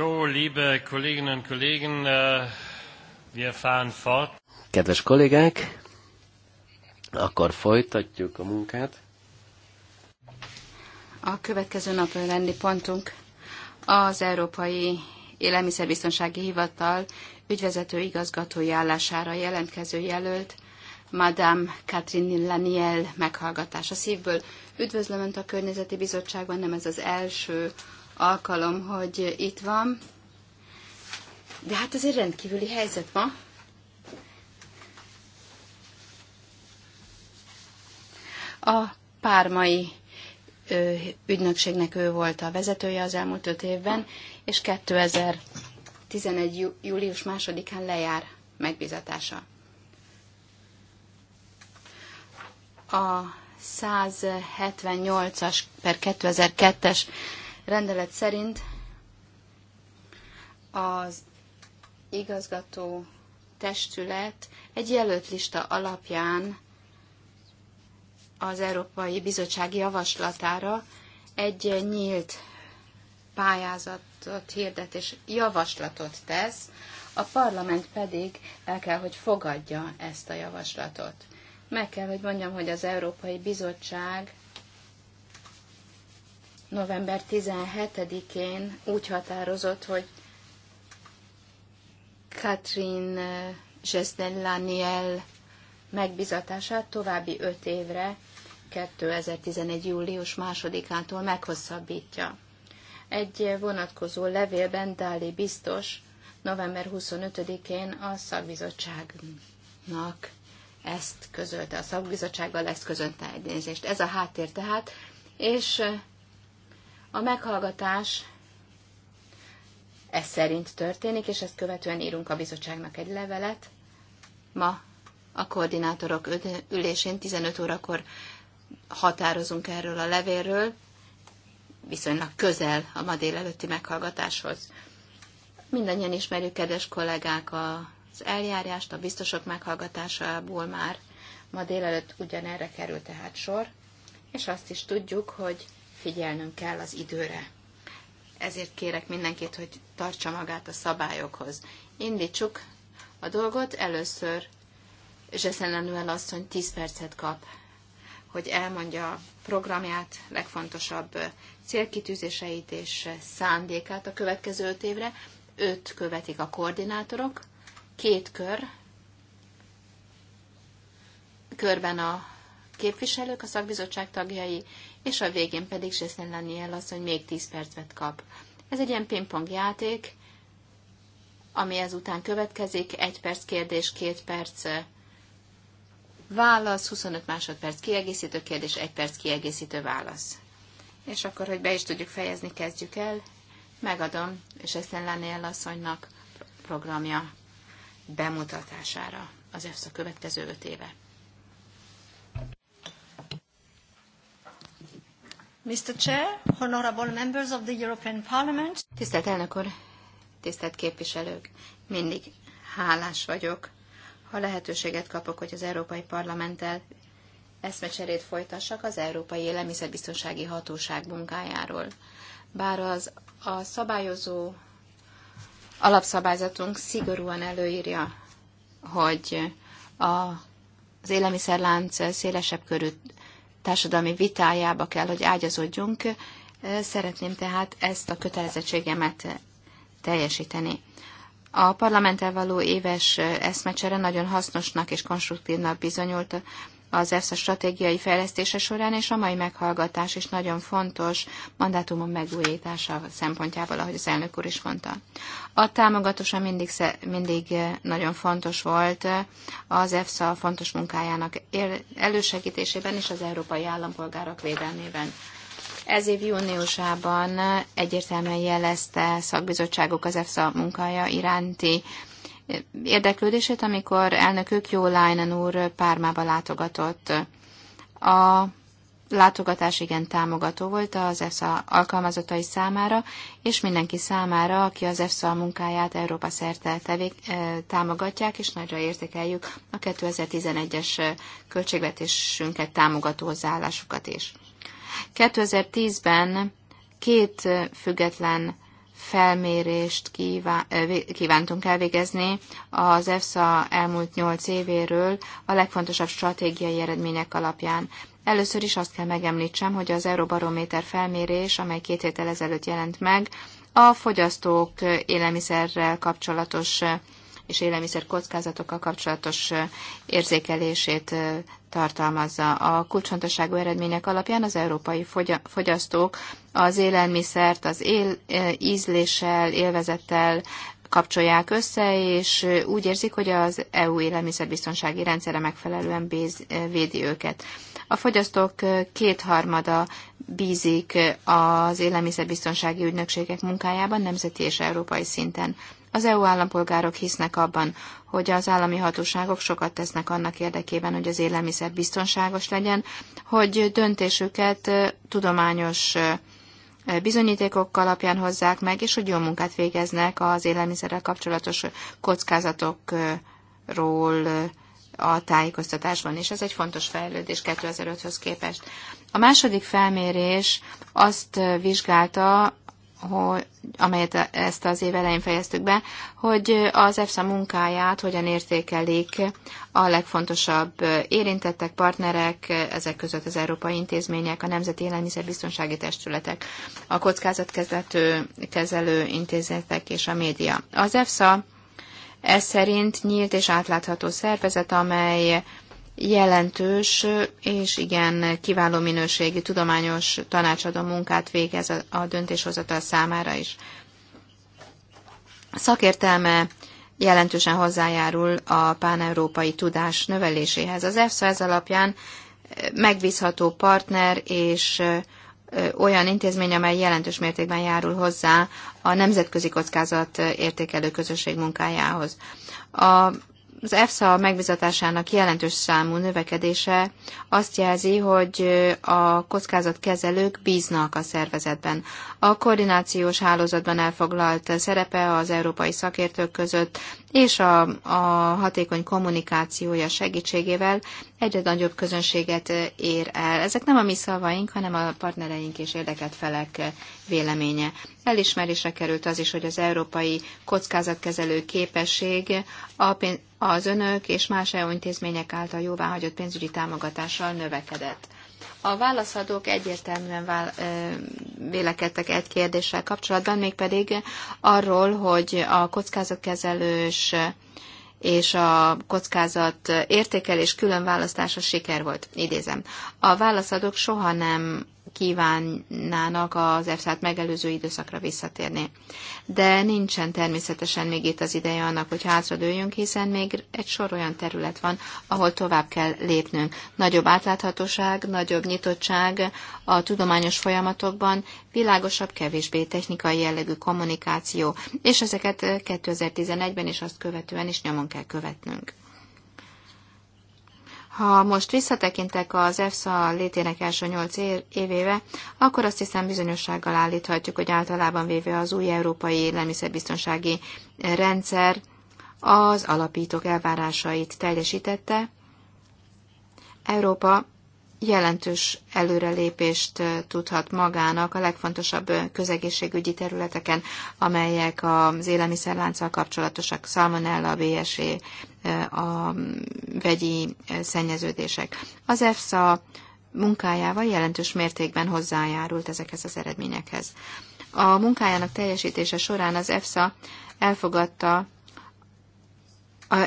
So, liebe Kolleginnen und Kollegen, äh, wir fahren fort. Kedves kollégák, akkor folytatjuk a munkát. A következő nap rendi pontunk az Európai Élelmiszerbiztonsági Hivatal ügyvezető igazgatói állására jelentkező jelölt, Madame Catherine Laniel meghallgatása. Szívből üdvözlöm Önt a Környezeti Bizottságban, nem ez az első alkalom, hogy itt van. De hát azért rendkívüli helyzet van. A pármai ö, ügynökségnek ő volt a vezetője az elmúlt öt évben, és 2011. július másodikán lejár megbizatása. A 178-as per 2002-es rendelet szerint az igazgató testület egy jelölt lista alapján az Európai Bizottság javaslatára egy nyílt pályázatot hirdet és javaslatot tesz, a parlament pedig el kell, hogy fogadja ezt a javaslatot. Meg kell, hogy mondjam, hogy az Európai Bizottság november 17-én úgy határozott, hogy Katrin zsesden eh, megbizatását további öt évre 2011. július másodikától meghosszabbítja. Egy vonatkozó levélben Dáli biztos november 25-én a szakbizottságnak ezt közölte, a szakbizottsággal ezt közölte egynézést. Ez a háttér tehát, és eh, a meghallgatás ez szerint történik, és ezt követően írunk a bizottságnak egy levelet. Ma a koordinátorok ülésén 15 órakor határozunk erről a levélről, viszonylag közel a ma délelőtti meghallgatáshoz. Mindannyian ismerjük, kedves kollégák, az eljárást, a biztosok meghallgatásából már ma délelőtt ugyanerre került tehát sor, és azt is tudjuk, hogy figyelnünk kell az időre. Ezért kérek mindenkit, hogy tartsa magát a szabályokhoz. Indítsuk a dolgot. Először Zseszen Lenuel asszony 10 percet kap, hogy elmondja a programját, legfontosabb célkitűzéseit és szándékát a következő öt évre. Öt követik a koordinátorok, két kör, körben a képviselők, a szakbizottság tagjai, és a végén pedig Zseszlen Laniel az, hogy még 10 percet kap. Ez egy ilyen pingpong játék, ami ezután következik, egy perc kérdés, két perc eh, válasz, 25 másodperc kiegészítő kérdés, egy perc kiegészítő válasz. És akkor, hogy be is tudjuk fejezni, kezdjük el. Megadom, és ezt Laniel asszonynak programja bemutatására az EFSZ a következő öt éve. Mr. Chair, honorable members of the European Parliament. Tisztelt elnök úr, tisztelt képviselők, mindig hálás vagyok, ha lehetőséget kapok, hogy az Európai Parlamenttel eszmecserét folytassak az Európai Élelmiszerbiztonsági Hatóság munkájáról. Bár az a szabályozó alapszabályzatunk szigorúan előírja, hogy a, az élelmiszerlánc szélesebb körű társadalmi vitájába kell, hogy ágyazódjunk. Szeretném tehát ezt a kötelezettségemet teljesíteni. A parlamenttel való éves eszmecsere nagyon hasznosnak és konstruktívnak bizonyult az EFSA stratégiai fejlesztése során, és a mai meghallgatás is nagyon fontos mandátumon megújítása szempontjából, ahogy az elnök úr is mondta. A támogatósa mindig, mindig eh, nagyon fontos volt eh, az EFSA fontos munkájának elősegítésében és az európai állampolgárok védelmében. Ez év júniusában eh, egyértelműen jelezte szakbizottságok az EFSA munkája iránti érdeklődését, amikor elnökök Jó Lájnen úr Pármába látogatott. A látogatás igen támogató volt az EFSA alkalmazottai számára, és mindenki számára, aki az EFSA munkáját Európa szerte tevék, támogatják, és nagyra értékeljük a 2011-es költségvetésünket támogató hozzáállásukat is. 2010-ben két független felmérést kívántunk elvégezni az EFSA elmúlt nyolc évéről a legfontosabb stratégiai eredmények alapján. Először is azt kell megemlítsem, hogy az Euróbarométer felmérés, amely két héttel ezelőtt jelent meg, a fogyasztók élelmiszerrel kapcsolatos és élelmiszer kockázatokkal kapcsolatos érzékelését tartalmazza. A kulcsfontosságú eredmények alapján az európai fogyasztók az élelmiszert az él, ízléssel, élvezettel kapcsolják össze, és úgy érzik, hogy az EU élelmiszerbiztonsági rendszere megfelelően béz, védi őket. A fogyasztók kétharmada bízik az élelmiszerbiztonsági ügynökségek munkájában nemzeti és európai szinten. Az EU állampolgárok hisznek abban, hogy az állami hatóságok sokat tesznek annak érdekében, hogy az élelmiszer biztonságos legyen, hogy döntésüket tudományos bizonyítékok alapján hozzák meg, és hogy jó munkát végeznek az élelmiszerrel kapcsolatos kockázatokról a tájékoztatásban, és ez egy fontos fejlődés 2005-höz képest. A második felmérés azt vizsgálta, hogy, amelyet ezt az év elején fejeztük be, hogy az EFSA munkáját hogyan értékelik a legfontosabb érintettek, partnerek, ezek között az európai intézmények, a Nemzeti Élelmiszerbiztonsági Testületek, a kockázatkezelő kezelő intézetek és a média. Az EFSA ez szerint nyílt és átlátható szervezet, amely jelentős és igen kiváló minőségi tudományos tanácsadó munkát végez a döntéshozatal számára is. A szakértelme jelentősen hozzájárul a páneurópai tudás növeléséhez. Az EFSA ez alapján megbízható partner és olyan intézmény, amely jelentős mértékben járul hozzá a nemzetközi kockázat értékelő közösség munkájához. A az EFSA megbizatásának jelentős számú növekedése azt jelzi, hogy a kockázatkezelők bíznak a szervezetben. A koordinációs hálózatban elfoglalt szerepe az európai szakértők között és a, a hatékony kommunikációja segítségével egyre nagyobb közönséget ér el. Ezek nem a mi szavaink, hanem a partnereink és érdekelt felek véleménye. Elismerésre került az is, hogy az európai kockázatkezelő képesség a pénz, az önök és más EU intézmények által jóváhagyott pénzügyi támogatással növekedett. A válaszadók egyértelműen vélekedtek egy kérdéssel kapcsolatban, mégpedig arról, hogy a kockázatkezelős és a kockázat értékelés külön választása siker volt, idézem. A válaszadók soha nem kívánnának az EFSA-t megelőző időszakra visszatérni. De nincsen természetesen még itt az ideje annak, hogy dőljünk hiszen még egy sor olyan terület van, ahol tovább kell lépnünk. Nagyobb átláthatóság, nagyobb nyitottság a tudományos folyamatokban, világosabb, kevésbé technikai jellegű kommunikáció, és ezeket 2011-ben eh, és azt követően is nyomon kell követnünk. Ha most visszatekintek az EFSA létének első nyolc évéve, akkor azt hiszem bizonyossággal állíthatjuk, hogy általában véve az új európai élelmiszerbiztonsági rendszer az alapítók elvárásait teljesítette. Európa jelentős előrelépést tudhat magának a legfontosabb közegészségügyi területeken, amelyek az élelmiszerlánccal kapcsolatosak, szalmonella, BSE, a vegyi szennyeződések. Az EFSA munkájával jelentős mértékben hozzájárult ezekhez az eredményekhez. A munkájának teljesítése során az EFSA elfogadta,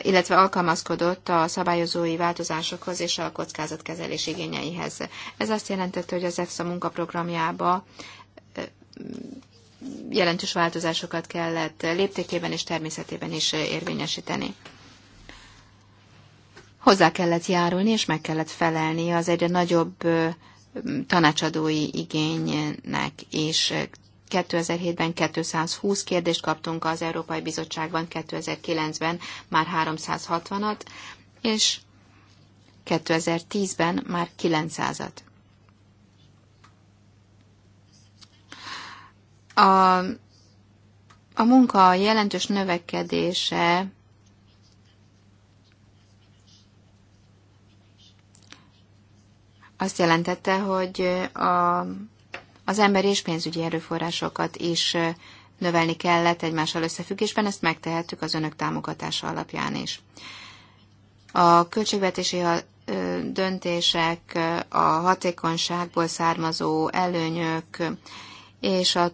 illetve alkalmazkodott a szabályozói változásokhoz és a kockázatkezelés igényeihez. Ez azt jelentette, hogy az EFSA munkaprogramjába jelentős változásokat kellett léptékében és természetében is érvényesíteni hozzá kellett járulni, és meg kellett felelni az egyre nagyobb tanácsadói igénynek, és 2007-ben 220 kérdést kaptunk az Európai Bizottságban, 2009-ben már 360-at, és 2010-ben már 900-at. A, a munka jelentős növekedése azt jelentette, hogy a, az ember és pénzügyi erőforrásokat is növelni kellett egymással összefüggésben, ezt megtehettük az önök támogatása alapján is. A költségvetési döntések, a hatékonyságból származó előnyök és a,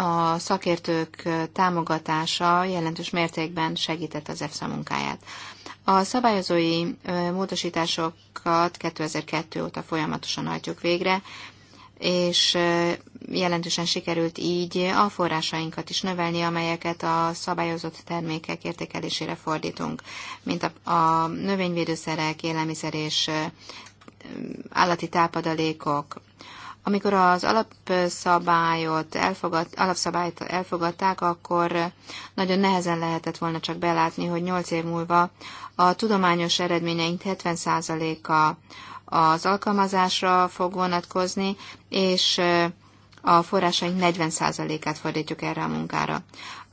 a szakértők támogatása jelentős mértékben segített az EFSA munkáját. A szabályozói módosításokat 2002 óta folyamatosan hajtjuk végre, és jelentősen sikerült így a forrásainkat is növelni, amelyeket a szabályozott termékek értékelésére fordítunk, mint a, a növényvédőszerek, élelmiszer és állati tápadalékok, amikor az alapszabályot elfogad, alapszabályt elfogadták, akkor nagyon nehezen lehetett volna csak belátni, hogy 8 év múlva a tudományos eredményeink 70%-a az alkalmazásra fog vonatkozni, és a forrásaink 40%-át fordítjuk erre a munkára.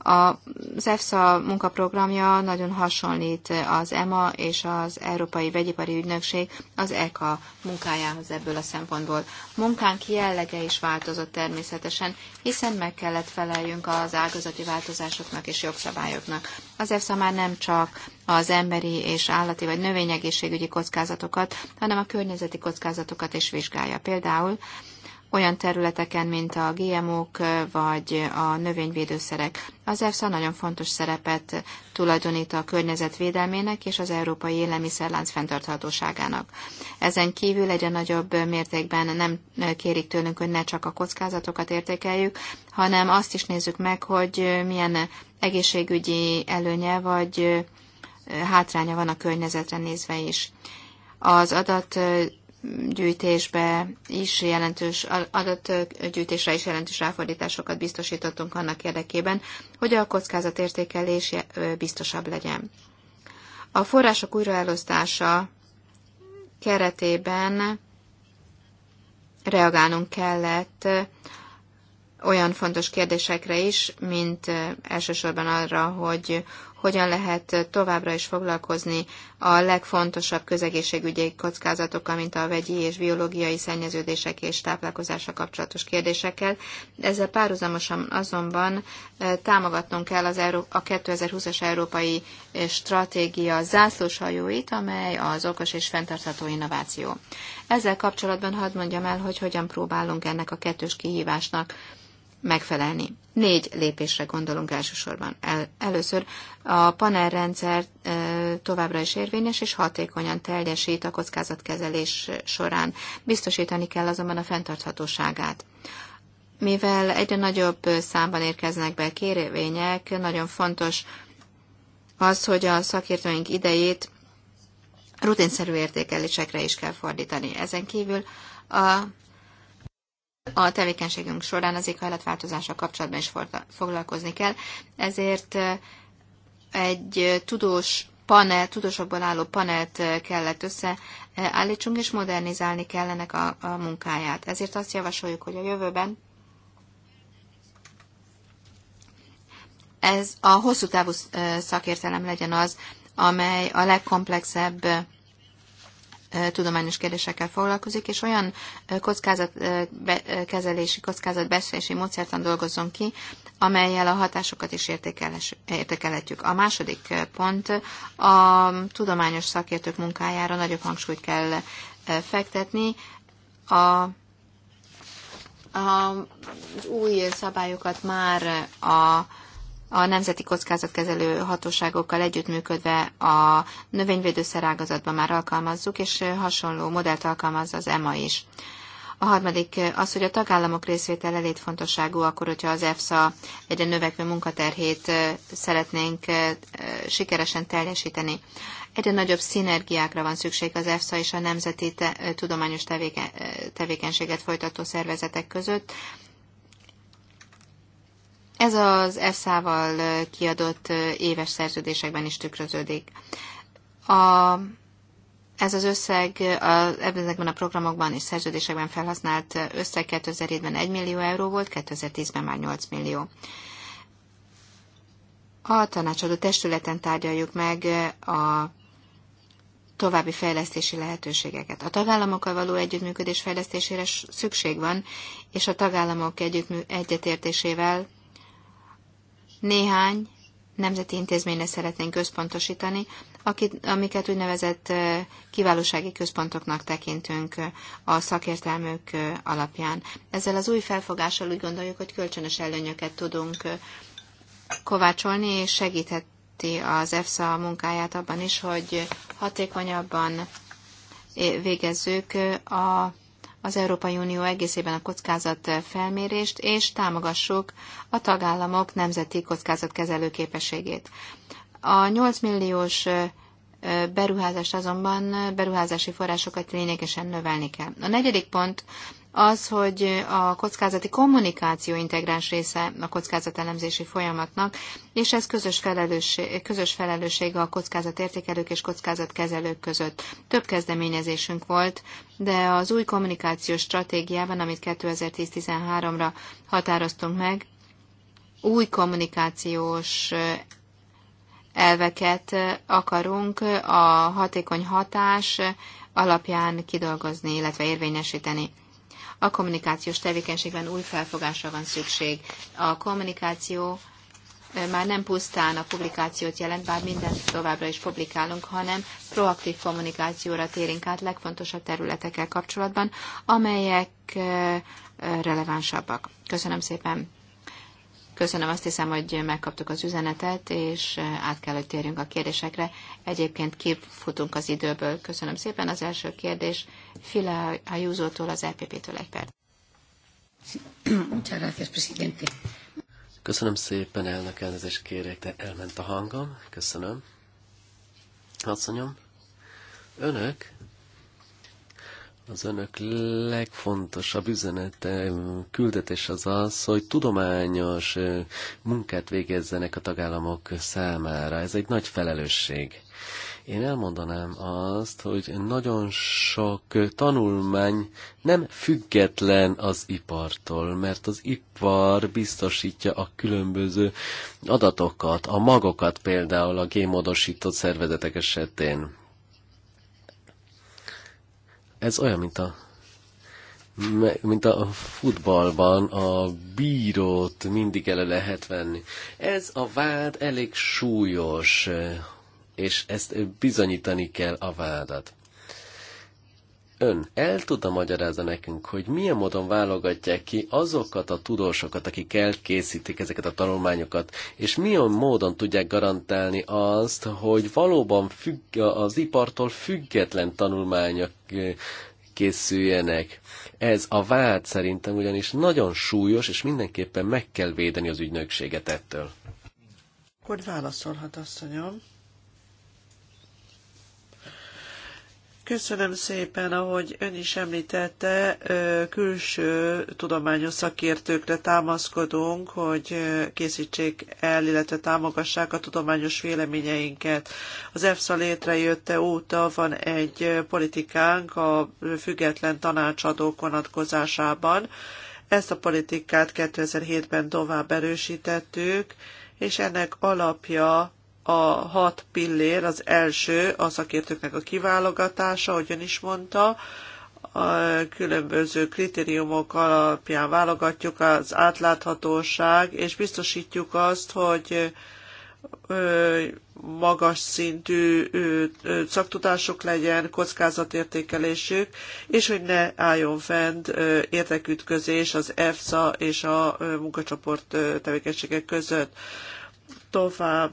Az EFSA munkaprogramja nagyon hasonlít az EMA és az Európai Vegyipari Ügynökség az ECA munkájához ebből a szempontból. Munkánk jellege is változott természetesen, hiszen meg kellett feleljünk az ágazati változásoknak és jogszabályoknak. Az EFSA már nem csak az emberi és állati vagy növényegészségügyi kockázatokat, hanem a környezeti kockázatokat is vizsgálja. Például olyan területeken, mint a GMO-k vagy a növényvédőszerek. Az EFSA nagyon fontos szerepet tulajdonít a környezetvédelmének és az európai élelmiszerlánc fenntarthatóságának. Ezen kívül egyre nagyobb mértékben nem kérik tőlünk, hogy ne csak a kockázatokat értékeljük, hanem azt is nézzük meg, hogy milyen egészségügyi előnye vagy hátránya van a környezetre nézve is. Az adat gyűjtésbe is jelentős, adatgyűjtésre is jelentős ráfordításokat biztosítottunk annak érdekében, hogy a kockázatértékelés biztosabb legyen. A források újraelosztása keretében reagálnunk kellett olyan fontos kérdésekre is, mint elsősorban arra, hogy hogyan lehet továbbra is foglalkozni a legfontosabb közegészségügyi kockázatokkal, mint a vegyi és biológiai szennyeződések és táplálkozásra kapcsolatos kérdésekkel. Ezzel párhuzamosan azonban eh, támogatnunk kell az Euró- a 2020-as európai eh, stratégia zászlóshajóit, amely az okos és fenntartható innováció. Ezzel kapcsolatban hadd mondjam el, hogy hogyan próbálunk ennek a kettős kihívásnak megfelelni. Négy lépésre gondolunk elsősorban. El, először a panelrendszer e, továbbra is érvényes és hatékonyan teljesít a kockázatkezelés során. Biztosítani kell azonban a fenntarthatóságát. Mivel egyre nagyobb számban érkeznek be kérvények, nagyon fontos az, hogy a szakértőink idejét rutinszerű értékelésekre is kell fordítani. Ezen kívül a a tevékenységünk során az éghajlatváltozása kapcsolatban is foglalkozni kell. Ezért egy tudós panel, tudósokból álló panelt kellett összeállítsunk, és modernizálni kellenek a, a munkáját. Ezért azt javasoljuk, hogy a jövőben ez a hosszú távú szakértelem legyen az, amely a legkomplexebb tudományos kérdésekkel foglalkozik, és olyan kockázatkezelési, kockázatbeszélési módszertan dolgozzon ki, amelyel a hatásokat is értékelhetjük. A második pont a tudományos szakértők munkájára nagyobb hangsúlyt kell fektetni. A az új szabályokat már a a nemzeti kockázatkezelő hatóságokkal együttműködve a növényvédőszerágazatban már alkalmazzuk, és hasonló modellt alkalmaz az EMA is. A harmadik az, hogy a tagállamok részvétele létfontosságú, akkor hogyha az EFSA egyre növekvő munkaterhét szeretnénk sikeresen teljesíteni. Egyre nagyobb szinergiákra van szükség az EFSA és a nemzeti te- tudományos tevéke- tevékenységet folytató szervezetek között, ez az ESZÁ-val kiadott éves szerződésekben is tükröződik. A, ez az összeg a, ezekben a programokban és szerződésekben felhasznált összeg 2007-ben 1 millió euró volt, 2010-ben már 8 millió. A tanácsadó testületen tárgyaljuk meg a további fejlesztési lehetőségeket. A tagállamokkal való együttműködés fejlesztésére szükség van, és a tagállamok együttmű, egyetértésével néhány nemzeti intézményre szeretnénk központosítani, akit, amiket úgynevezett kiválósági központoknak tekintünk a szakértelmük alapján. Ezzel az új felfogással úgy gondoljuk, hogy kölcsönös előnyöket tudunk kovácsolni, és segítheti az EFSA munkáját abban is, hogy hatékonyabban végezzük a az Európai Unió egészében a kockázat felmérést, és támogassuk a tagállamok nemzeti kockázatkezelő képességét. A 8 milliós beruházást azonban beruházási forrásokat lényegesen növelni kell. A negyedik pont az, hogy a kockázati kommunikáció integráns része a kockázatelemzési folyamatnak, és ez közös felelősség, közös felelősség a kockázatértékelők és kockázatkezelők között. Több kezdeményezésünk volt, de az új kommunikációs stratégiában, amit 2010-13-ra határoztunk meg, új kommunikációs elveket akarunk a hatékony hatás alapján kidolgozni, illetve érvényesíteni. A kommunikációs tevékenységben új felfogásra van szükség. A kommunikáció már nem pusztán a publikációt jelent, bár mindent továbbra is publikálunk, hanem proaktív kommunikációra térünk át legfontosabb területekkel kapcsolatban, amelyek relevánsabbak. Köszönöm szépen! Köszönöm, azt hiszem, hogy megkaptuk az üzenetet, és át kell, hogy térjünk a kérdésekre. Egyébként kifutunk az időből. Köszönöm szépen. Az első kérdés Fila Ajúzótól, az LPP-től e egy perc. Köszönöm szépen, elnök elnézést kérek, de elment a hangom. Köszönöm. Hadszonyom, önök az önök legfontosabb üzenete, küldetés az az, hogy tudományos munkát végezzenek a tagállamok számára. Ez egy nagy felelősség. Én elmondanám azt, hogy nagyon sok tanulmány nem független az ipartól, mert az ipar biztosítja a különböző adatokat, a magokat például a gémodosított szervezetek esetén ez olyan, mint a mint a futballban a bírót mindig elő lehet venni. Ez a vád elég súlyos, és ezt bizonyítani kell a vádat ön el tudta magyarázni nekünk, hogy milyen módon válogatják ki azokat a tudósokat, akik elkészítik ezeket a tanulmányokat, és milyen módon tudják garantálni azt, hogy valóban függ, az ipartól független tanulmányok eh, készüljenek. Ez a vád szerintem ugyanis nagyon súlyos, és mindenképpen meg kell védeni az ügynökséget ettől. Hogy válaszolhat, asszonyom? Köszönöm szépen, ahogy ön is említette, külső tudományos szakértőkre támaszkodunk, hogy készítsék el, illetve támogassák a tudományos véleményeinket. Az EFSA létrejötte óta van egy politikánk a független tanácsadók vonatkozásában. Ezt a politikát 2007-ben tovább erősítettük, és ennek alapja a hat pillér, az első a szakértőknek a kiválogatása, ahogyan is mondta, a különböző kritériumok alapján válogatjuk az átláthatóság, és biztosítjuk azt, hogy magas szintű szaktudások legyen, kockázatértékelésük, és hogy ne álljon fent érdekütközés az EFSA és a munkacsoport tevékenységek között tovább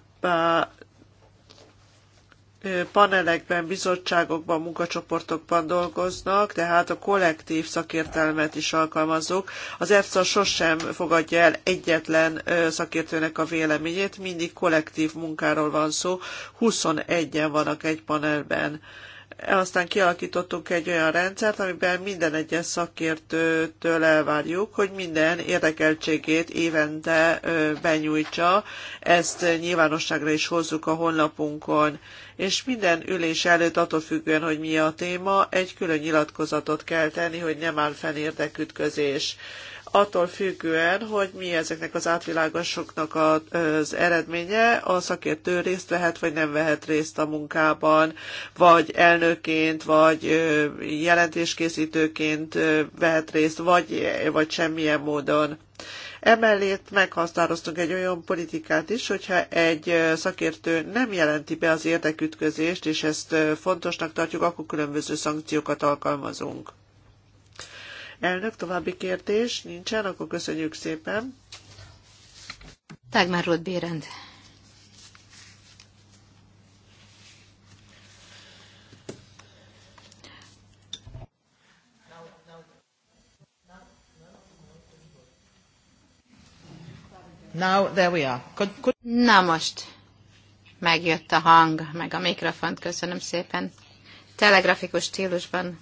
panelekben, bizottságokban, munkacsoportokban dolgoznak, tehát a kollektív szakértelmet is alkalmazzuk. Az EFSA sosem fogadja el egyetlen szakértőnek a véleményét, mindig kollektív munkáról van szó, 21-en vannak egy panelben. Aztán kialakítottunk egy olyan rendszert, amiben minden egyes szakértőtől elvárjuk, hogy minden érdekeltségét évente benyújtsa. Ezt nyilvánosságra is hozzuk a honlapunkon. És minden ülés előtt, attól függően, hogy mi a téma, egy külön nyilatkozatot kell tenni, hogy nem áll fenn érdekütközés attól függően, hogy mi ezeknek az átvilágosoknak az eredménye, a szakértő részt vehet, vagy nem vehet részt a munkában, vagy elnökként, vagy jelentéskészítőként vehet részt, vagy, vagy semmilyen módon. Emellett meghasztároztunk egy olyan politikát is, hogyha egy szakértő nem jelenti be az érdekütközést, és ezt fontosnak tartjuk, akkor különböző szankciókat alkalmazunk. Elnök, további kérdés nincsen, akkor köszönjük szépen. Tágmár Bérend. Now, there we are. Could, could... Na most megjött a hang, meg a mikrofont, köszönöm szépen. Telegrafikus stílusban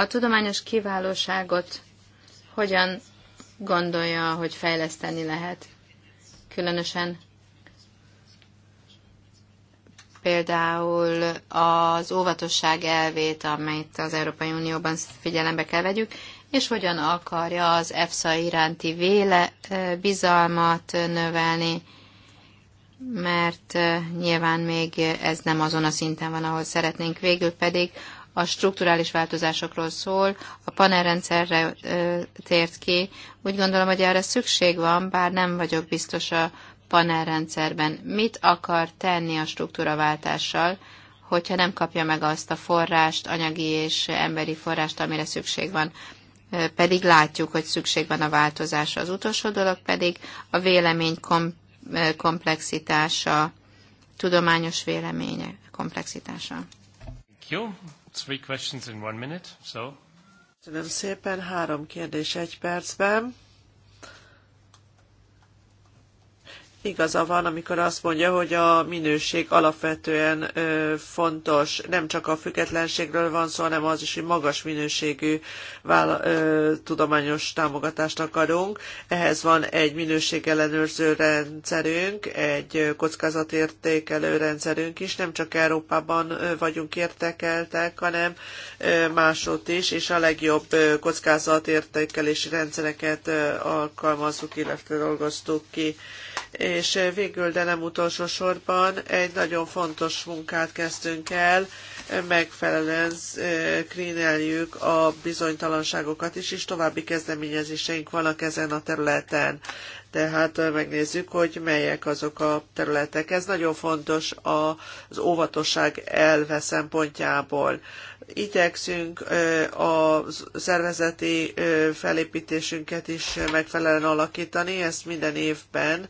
a tudományos kiválóságot hogyan gondolja, hogy fejleszteni lehet? Különösen például az óvatosság elvét, amelyet az Európai Unióban figyelembe kell vegyük, és hogyan akarja az EFSA iránti véle bizalmat növelni, mert nyilván még ez nem azon a szinten van, ahol szeretnénk. Végül pedig a strukturális változásokról szól, a panelrendszerre tért ki. Úgy gondolom, hogy erre szükség van, bár nem vagyok biztos a panelrendszerben. Mit akar tenni a struktúraváltással, hogyha nem kapja meg azt a forrást, anyagi és emberi forrást, amire szükség van? pedig látjuk, hogy szükség van a változásra. Az utolsó dolog pedig a vélemény komplexitása, tudományos véleménye komplexitása. Thank you. Three questions in one minute, so. Köszönöm szépen, három kérdés egy percben. igaza van, amikor azt mondja, hogy a minőség alapvetően fontos. Nem csak a függetlenségről van szó, hanem az is, hogy magas minőségű vála- tudományos támogatást akarunk. Ehhez van egy minőségellenőrző rendszerünk, egy kockázatértékelő rendszerünk is. Nem csak Európában vagyunk értekeltek, hanem másot is, és a legjobb kockázatértékelési rendszereket alkalmazzuk, illetve dolgoztuk ki és végül, de nem utolsó sorban egy nagyon fontos munkát kezdtünk el, megfelelően kríneljük eh, a bizonytalanságokat is, és további kezdeményezéseink vannak ezen a területen. Tehát eh, megnézzük, hogy melyek azok a területek. Ez nagyon fontos az óvatosság elve szempontjából. Igyekszünk eh, a szervezeti felépítésünket is megfelelően alakítani, ezt minden évben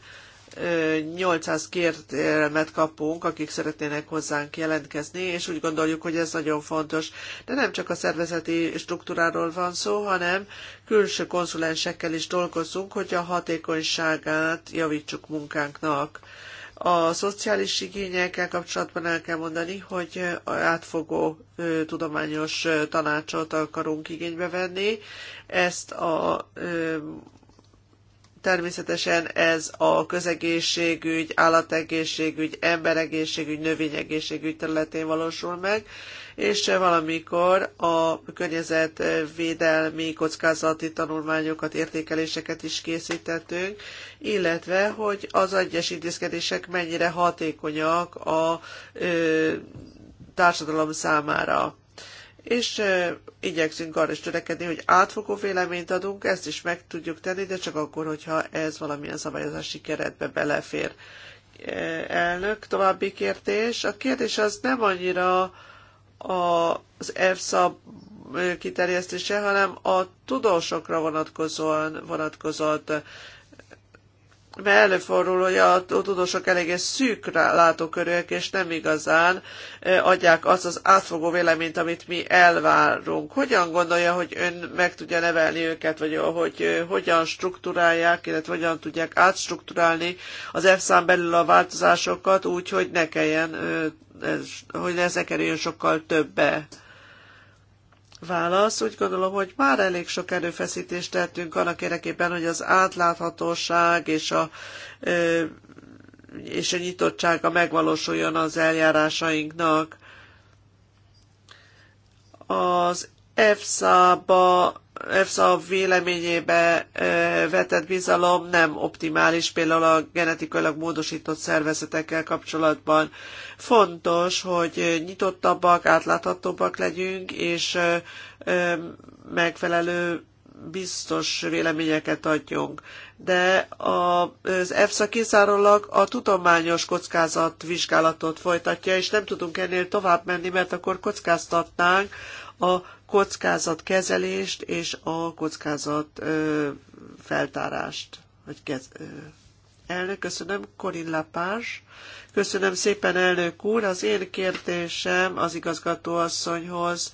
800 kérdelmet kapunk, akik szeretnének hozzánk jelentkezni, és úgy gondoljuk, hogy ez nagyon fontos. De nem csak a szervezeti struktúráról van szó, hanem külső konszulensekkel is dolgozunk, hogy a hatékonyságát javítsuk munkánknak. A szociális igényekkel kapcsolatban el kell mondani, hogy átfogó tudományos tanácsot akarunk igénybe venni. Ezt a Természetesen ez a közegészségügy, állategészségügy, emberegészségügy, növényegészségügy területén valósul meg, és valamikor a környezetvédelmi kockázati tanulmányokat, értékeléseket is készítettünk, illetve hogy az egyes intézkedések mennyire hatékonyak a ö, társadalom számára és igyekszünk arra is törekedni, hogy átfogó véleményt adunk, ezt is meg tudjuk tenni, de csak akkor, hogyha ez valamilyen szabályozási keretbe belefér. Elnök, további kérdés. A kérdés az nem annyira az EFSA kiterjesztése, hanem a tudósokra vonatkozóan vonatkozott mert előfordul, hogy a tudósok eléggé szűk látókörűek, és nem igazán adják azt az átfogó véleményt, amit mi elvárunk. Hogyan gondolja, hogy ön meg tudja nevelni őket, vagy hogy hogyan struktúrálják, illetve hogyan tudják átstruktúrálni az f n belül a változásokat úgy, hogy ne kelljen, hogy ne kerüljön sokkal többe? Válasz, úgy gondolom, hogy már elég sok erőfeszítést tettünk annak érdekében, hogy az átláthatóság és a és a nyitottsága megvalósuljon az eljárásainknak. Az EFSA-ba EFSA véleményébe vetett bizalom nem optimális, például a genetikailag módosított szervezetekkel kapcsolatban. Fontos, hogy nyitottabbak, átláthatóbbak legyünk, és megfelelő biztos véleményeket adjunk. De az EFSA kizárólag a tudományos kockázatvizsgálatot folytatja, és nem tudunk ennél tovább menni, mert akkor kockáztatnánk a kockázatkezelést és a kockázat feltárást. Hogy kez, elnök, köszönöm, Corin Lapás. Köszönöm szépen, elnök úr. Az én kérdésem az igazgatóasszonyhoz, asszonyhoz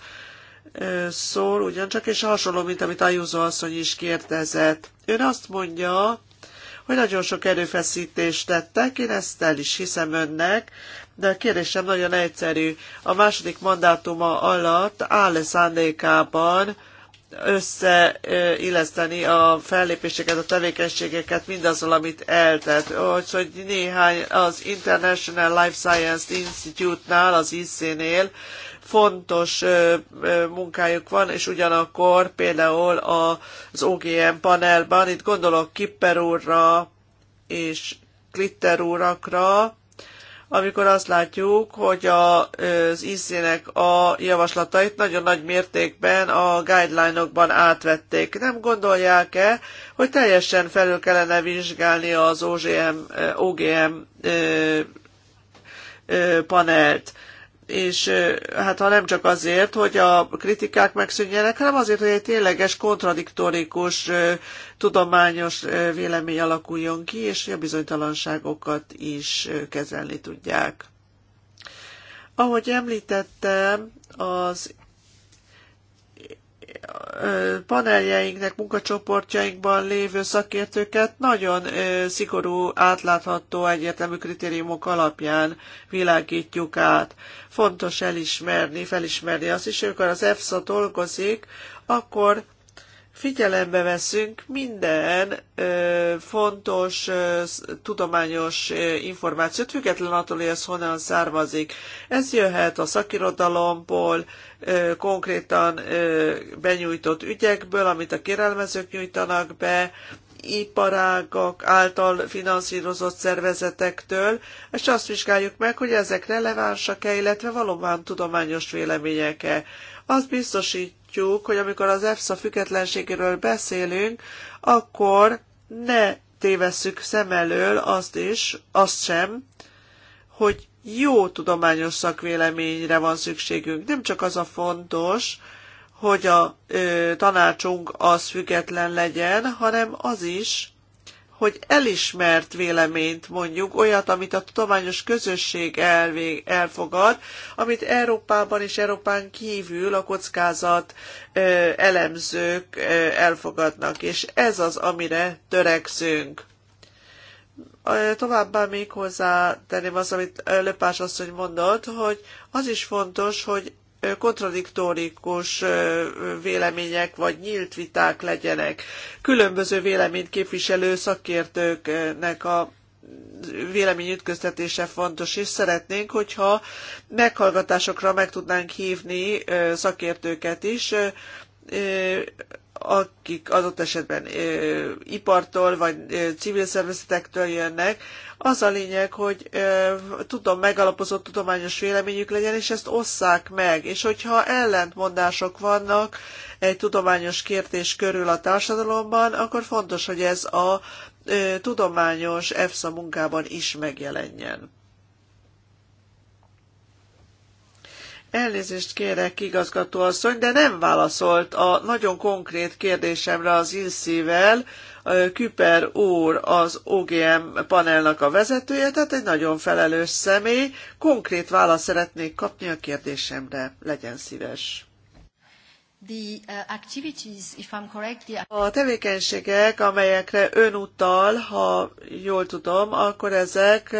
szól ugyancsak, és hasonló, mint amit Ajúzó asszony is kérdezett. Ön azt mondja, hogy nagyon sok erőfeszítést tettek, én ezt el is hiszem önnek, de a kérdésem nagyon egyszerű. A második mandátuma alatt áll-e szándékában összeilleszteni a fellépéseket, a tevékenységeket mindazzal, amit eltett. Úgy, hogy néhány az International Life Science Institute-nál, az IC-nél fontos munkájuk van, és ugyanakkor például az OGM panelban, itt gondolok Kipper úrra és Glitter úrakra, amikor azt látjuk, hogy a, az ISZ-nek a javaslatait nagyon nagy mértékben a guideline-okban átvették. Nem gondolják-e, hogy teljesen felül kellene vizsgálni az OGM, OGM ö, ö, panelt? és hát ha nem csak azért, hogy a kritikák megszűnjenek, hanem azért, hogy egy tényleges, kontradiktorikus, tudományos vélemény alakuljon ki, és a bizonytalanságokat is kezelni tudják. Ahogy említettem, az paneljeinknek, munkacsoportjainkban lévő szakértőket nagyon szigorú, átlátható, egyértelmű kritériumok alapján világítjuk át. Fontos elismerni, felismerni azt is, amikor az EFSA dolgozik, akkor figyelembe veszünk minden ö, fontos ö, tudományos ö, információt, független attól, hogy ez honnan származik. Ez jöhet a szakirodalomból, ö, konkrétan ö, benyújtott ügyekből, amit a kérelmezők nyújtanak be, iparágok által finanszírozott szervezetektől, és azt vizsgáljuk meg, hogy ezek relevánsak-e, illetve valóban tudományos vélemények-e. Azt biztosít, látjuk, hogy amikor az EFSA függetlenségéről beszélünk, akkor ne tévesszük szem elől azt is, azt sem, hogy jó tudományos szakvéleményre van szükségünk. Nem csak az a fontos, hogy a ö, tanácsunk az független legyen, hanem az is, hogy elismert véleményt mondjuk, olyat, amit a tudományos közösség elvég, elfogad, amit Európában és Európán kívül a kockázat ö, elemzők ö, elfogadnak, és ez az, amire törekszünk. Továbbá még hozzá tenném azt, amit Löpás asszony mondott, hogy az is fontos, hogy kontradiktórikus vélemények vagy nyílt viták legyenek. Különböző véleményt képviselő szakértőknek a véleményütköztetése fontos, és szeretnénk, hogyha meghallgatásokra meg tudnánk hívni szakértőket is, akik adott esetben ö, ipartól vagy ö, civil szervezetektől jönnek. Az a lényeg, hogy ö, tudom, megalapozott tudományos véleményük legyen, és ezt osszák meg. És hogyha ellentmondások vannak egy tudományos kérdés körül a társadalomban, akkor fontos, hogy ez a ö, tudományos EFSA munkában is megjelenjen. Elnézést kérek, igazgató asszony, de nem válaszolt a nagyon konkrét kérdésemre az INSZI-vel. Küper úr az OGM panelnak a vezetője, tehát egy nagyon felelős személy. Konkrét választ szeretnék kapni a kérdésemre. Legyen szíves. Uh, a tevékenységek, amelyekre ön utal, ha jól tudom, akkor ezek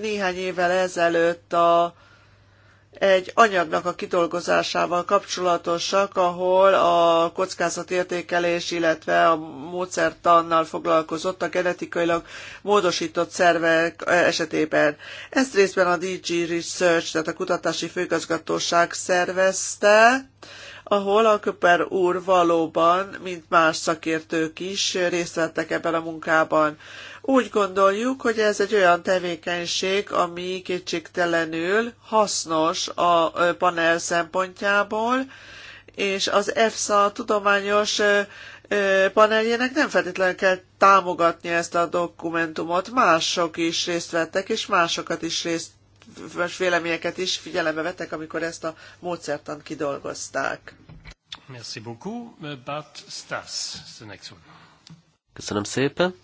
néhány évvel ezelőtt a egy anyagnak a kidolgozásával kapcsolatosak, ahol a kockázatértékelés, illetve a módszertannal foglalkozott a genetikailag módosított szervek esetében. Ezt részben a DG Research, tehát a Kutatási Főgazgatóság szervezte, ahol a Köper úr valóban, mint más szakértők is részt vettek ebben a munkában. Úgy gondoljuk, hogy ez egy olyan tevékenység, ami kétségtelenül hasznos a panel szempontjából, és az EFSA tudományos paneljének nem feltétlenül kell támogatni ezt a dokumentumot. Mások is részt vettek, és másokat is részt más véleményeket is figyelembe vettek, amikor ezt a módszertant kidolgozták. Merci beaucoup. Bart Stas, the next one. Köszönöm szépen.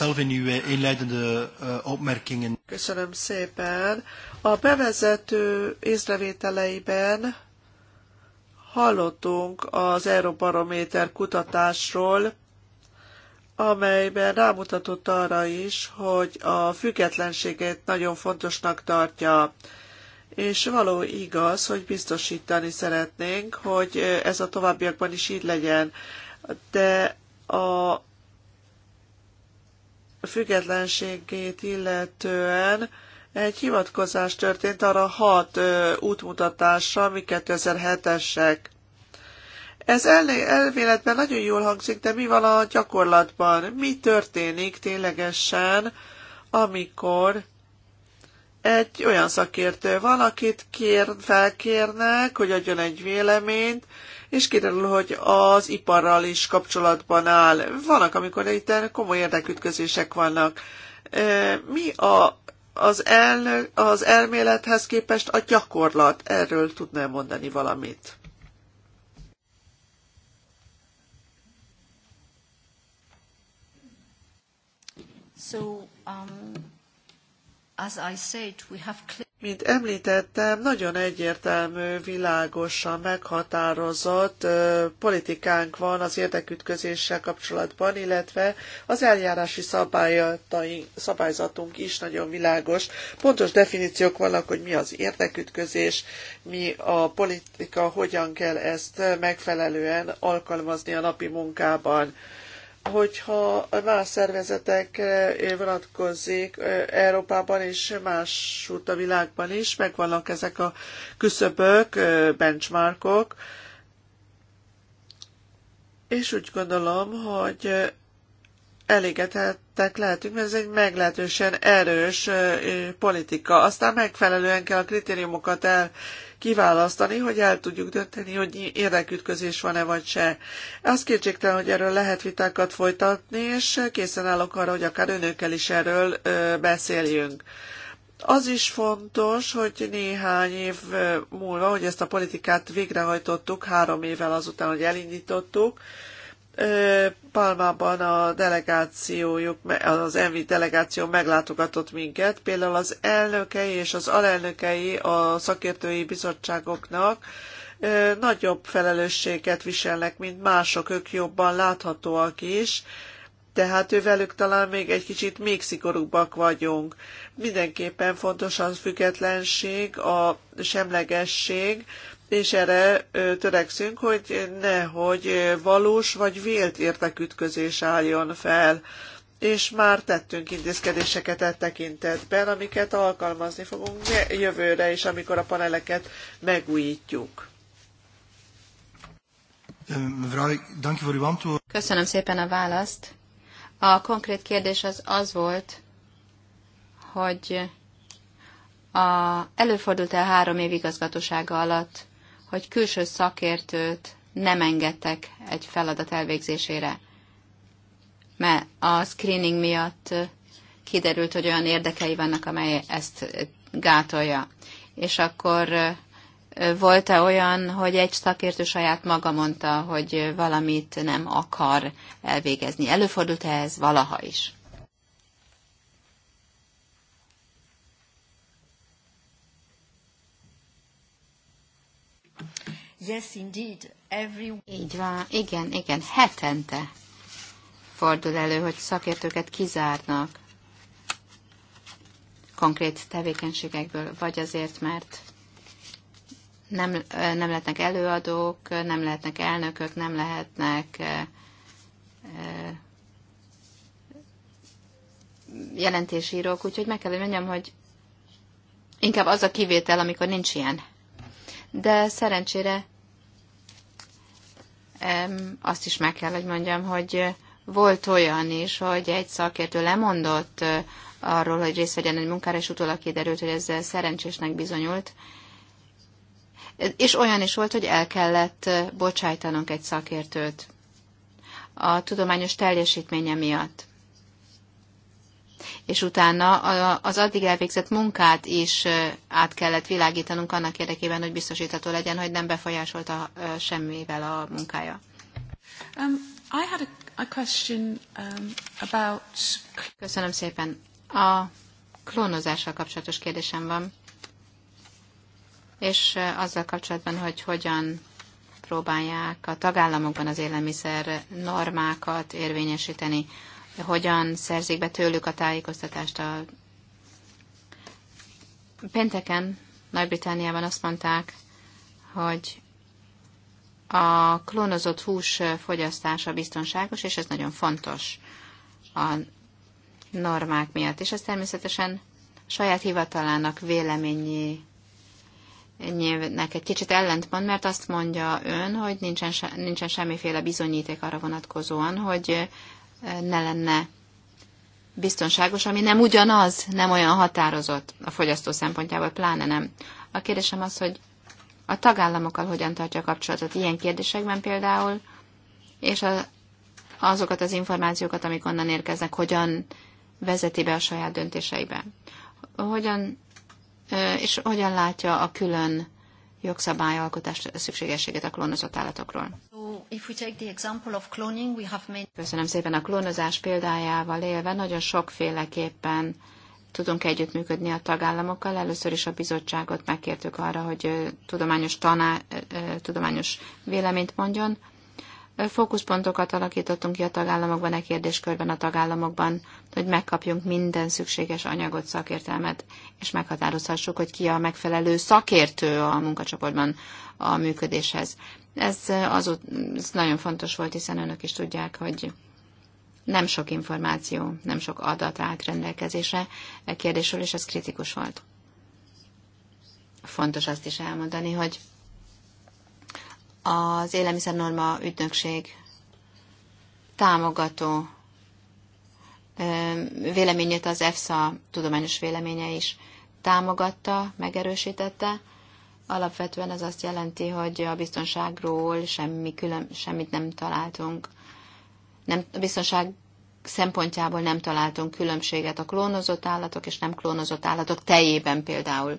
Uh, Köszönöm szépen. A bevezető észrevételeiben hallottunk az Eurobarométer kutatásról, amelyben rámutatott arra is, hogy a függetlenséget nagyon fontosnak tartja. És való igaz, hogy biztosítani szeretnénk, hogy ez a továbbiakban is így legyen. De a függetlenségét illetően egy hivatkozás történt arra hat ö, útmutatásra, ami 2007-esek. Ez elvéletben nagyon jól hangzik, de mi van a gyakorlatban? Mi történik ténylegesen, amikor egy olyan szakértő van, akit kér, felkérnek, hogy adjon egy véleményt, és kiderül, hogy az iparral is kapcsolatban áll. Vannak, amikor itt komoly érdekütközések vannak. Mi a, az, el, az elmélethez képest a gyakorlat? Erről tudná mondani valamit? So, um, mint említettem, nagyon egyértelmű, világosan meghatározott politikánk van az érdekütközéssel kapcsolatban, illetve az eljárási szabályzatunk is nagyon világos. Pontos definíciók vannak, hogy mi az érdekütközés, mi a politika, hogyan kell ezt megfelelően alkalmazni a napi munkában hogyha más szervezetek eh, vonatkozik eh, Európában és másút a világban is, megvannak ezek a küszöbök, eh, benchmarkok, és úgy gondolom, hogy elégedettek lehetünk, mert ez egy meglehetősen erős politika. Aztán megfelelően kell a kritériumokat el kiválasztani, hogy el tudjuk dönteni, hogy érdekütközés van-e vagy se. Azt kétségtelen, hogy erről lehet vitákat folytatni, és készen állok arra, hogy akár önökkel is erről beszéljünk. Az is fontos, hogy néhány év múlva, hogy ezt a politikát végrehajtottuk, három évvel azután, hogy elindítottuk, Palmában a delegációjuk, az ENVI delegáció meglátogatott minket, például az elnökei és az alelnökei a szakértői bizottságoknak nagyobb felelősséget viselnek, mint mások, ők jobban láthatóak is, tehát ővelük talán még egy kicsit még szigorúbbak vagyunk. Mindenképpen fontos az függetlenség, a semlegesség, és erre törekszünk, hogy nehogy valós vagy vélt értekütközés álljon fel, és már tettünk intézkedéseket e tekintetben, amiket alkalmazni fogunk jövőre is, amikor a paneleket megújítjuk. Ehm, Köszönöm szépen a választ. A konkrét kérdés az az volt, hogy a, előfordult el három év igazgatósága alatt hogy külső szakértőt nem engedtek egy feladat elvégzésére, mert a screening miatt kiderült, hogy olyan érdekei vannak, amely ezt gátolja. És akkor volt-e olyan, hogy egy szakértő saját maga mondta, hogy valamit nem akar elvégezni? Előfordult-e ez valaha is? Yes, indeed. Every... Így van, igen, igen, hetente fordul elő, hogy szakértőket kizárnak konkrét tevékenységekből, vagy azért, mert nem, nem lehetnek előadók, nem lehetnek elnökök, nem lehetnek jelentésírók, úgyhogy meg kell, hogy mondjam, hogy inkább az a kivétel, amikor nincs ilyen. De szerencsére azt is meg kell, hogy mondjam, hogy volt olyan is, hogy egy szakértő lemondott arról, hogy részt vegyen egy munkára, és utólag kiderült, hogy ez szerencsésnek bizonyult. És olyan is volt, hogy el kellett bocsájtanunk egy szakértőt a tudományos teljesítménye miatt és utána az addig elvégzett munkát is át kellett világítanunk annak érdekében, hogy biztosítható legyen, hogy nem befolyásolta semmivel a munkája. Um, I had a, a question um, about... Köszönöm szépen. A klónozással kapcsolatos kérdésem van, és azzal kapcsolatban, hogy hogyan próbálják a tagállamokban az élelmiszer normákat érvényesíteni hogyan szerzik be tőlük a tájékoztatást. A pénteken Nagy-Britániában azt mondták, hogy a klónozott hús fogyasztása biztonságos, és ez nagyon fontos a normák miatt. És ez természetesen saját hivatalának véleményi egy kicsit ellentmond, mert azt mondja ön, hogy nincsen, se, nincsen semmiféle bizonyíték arra vonatkozóan, hogy ne lenne biztonságos, ami nem ugyanaz, nem olyan határozott a fogyasztó szempontjából, pláne nem. A kérdésem az, hogy a tagállamokkal hogyan tartja a kapcsolatot ilyen kérdésekben például, és a, azokat az információkat, amik onnan érkeznek, hogyan vezeti be a saját döntéseibe. Hogyan, és hogyan látja a külön jogszabályalkotás szükségességet a klónozott állatokról. Köszönöm szépen a klónozás példájával élve, nagyon sokféleképpen tudunk együttműködni a tagállamokkal. Először is a bizottságot megkértük arra, hogy tudományos, taná, tudományos véleményt mondjon. Fókuszpontokat alakítottunk ki a tagállamokban, a e kérdéskörben a tagállamokban, hogy megkapjunk minden szükséges anyagot, szakértelmet, és meghatározhassuk, hogy ki a megfelelő szakértő a munkacsoportban a működéshez. Ez, az, ez nagyon fontos volt, hiszen önök is tudják, hogy nem sok információ, nem sok adat állt rendelkezésre e kérdésről, és ez kritikus volt. Fontos azt is elmondani, hogy az élelmiszernorma ügynökség támogató véleményét az EFSA tudományos véleménye is támogatta, megerősítette, Alapvetően ez azt jelenti, hogy a biztonságról semmi külön, semmit nem találtunk. Nem, a biztonság szempontjából nem találtunk különbséget a klónozott állatok és nem klónozott állatok tejében például.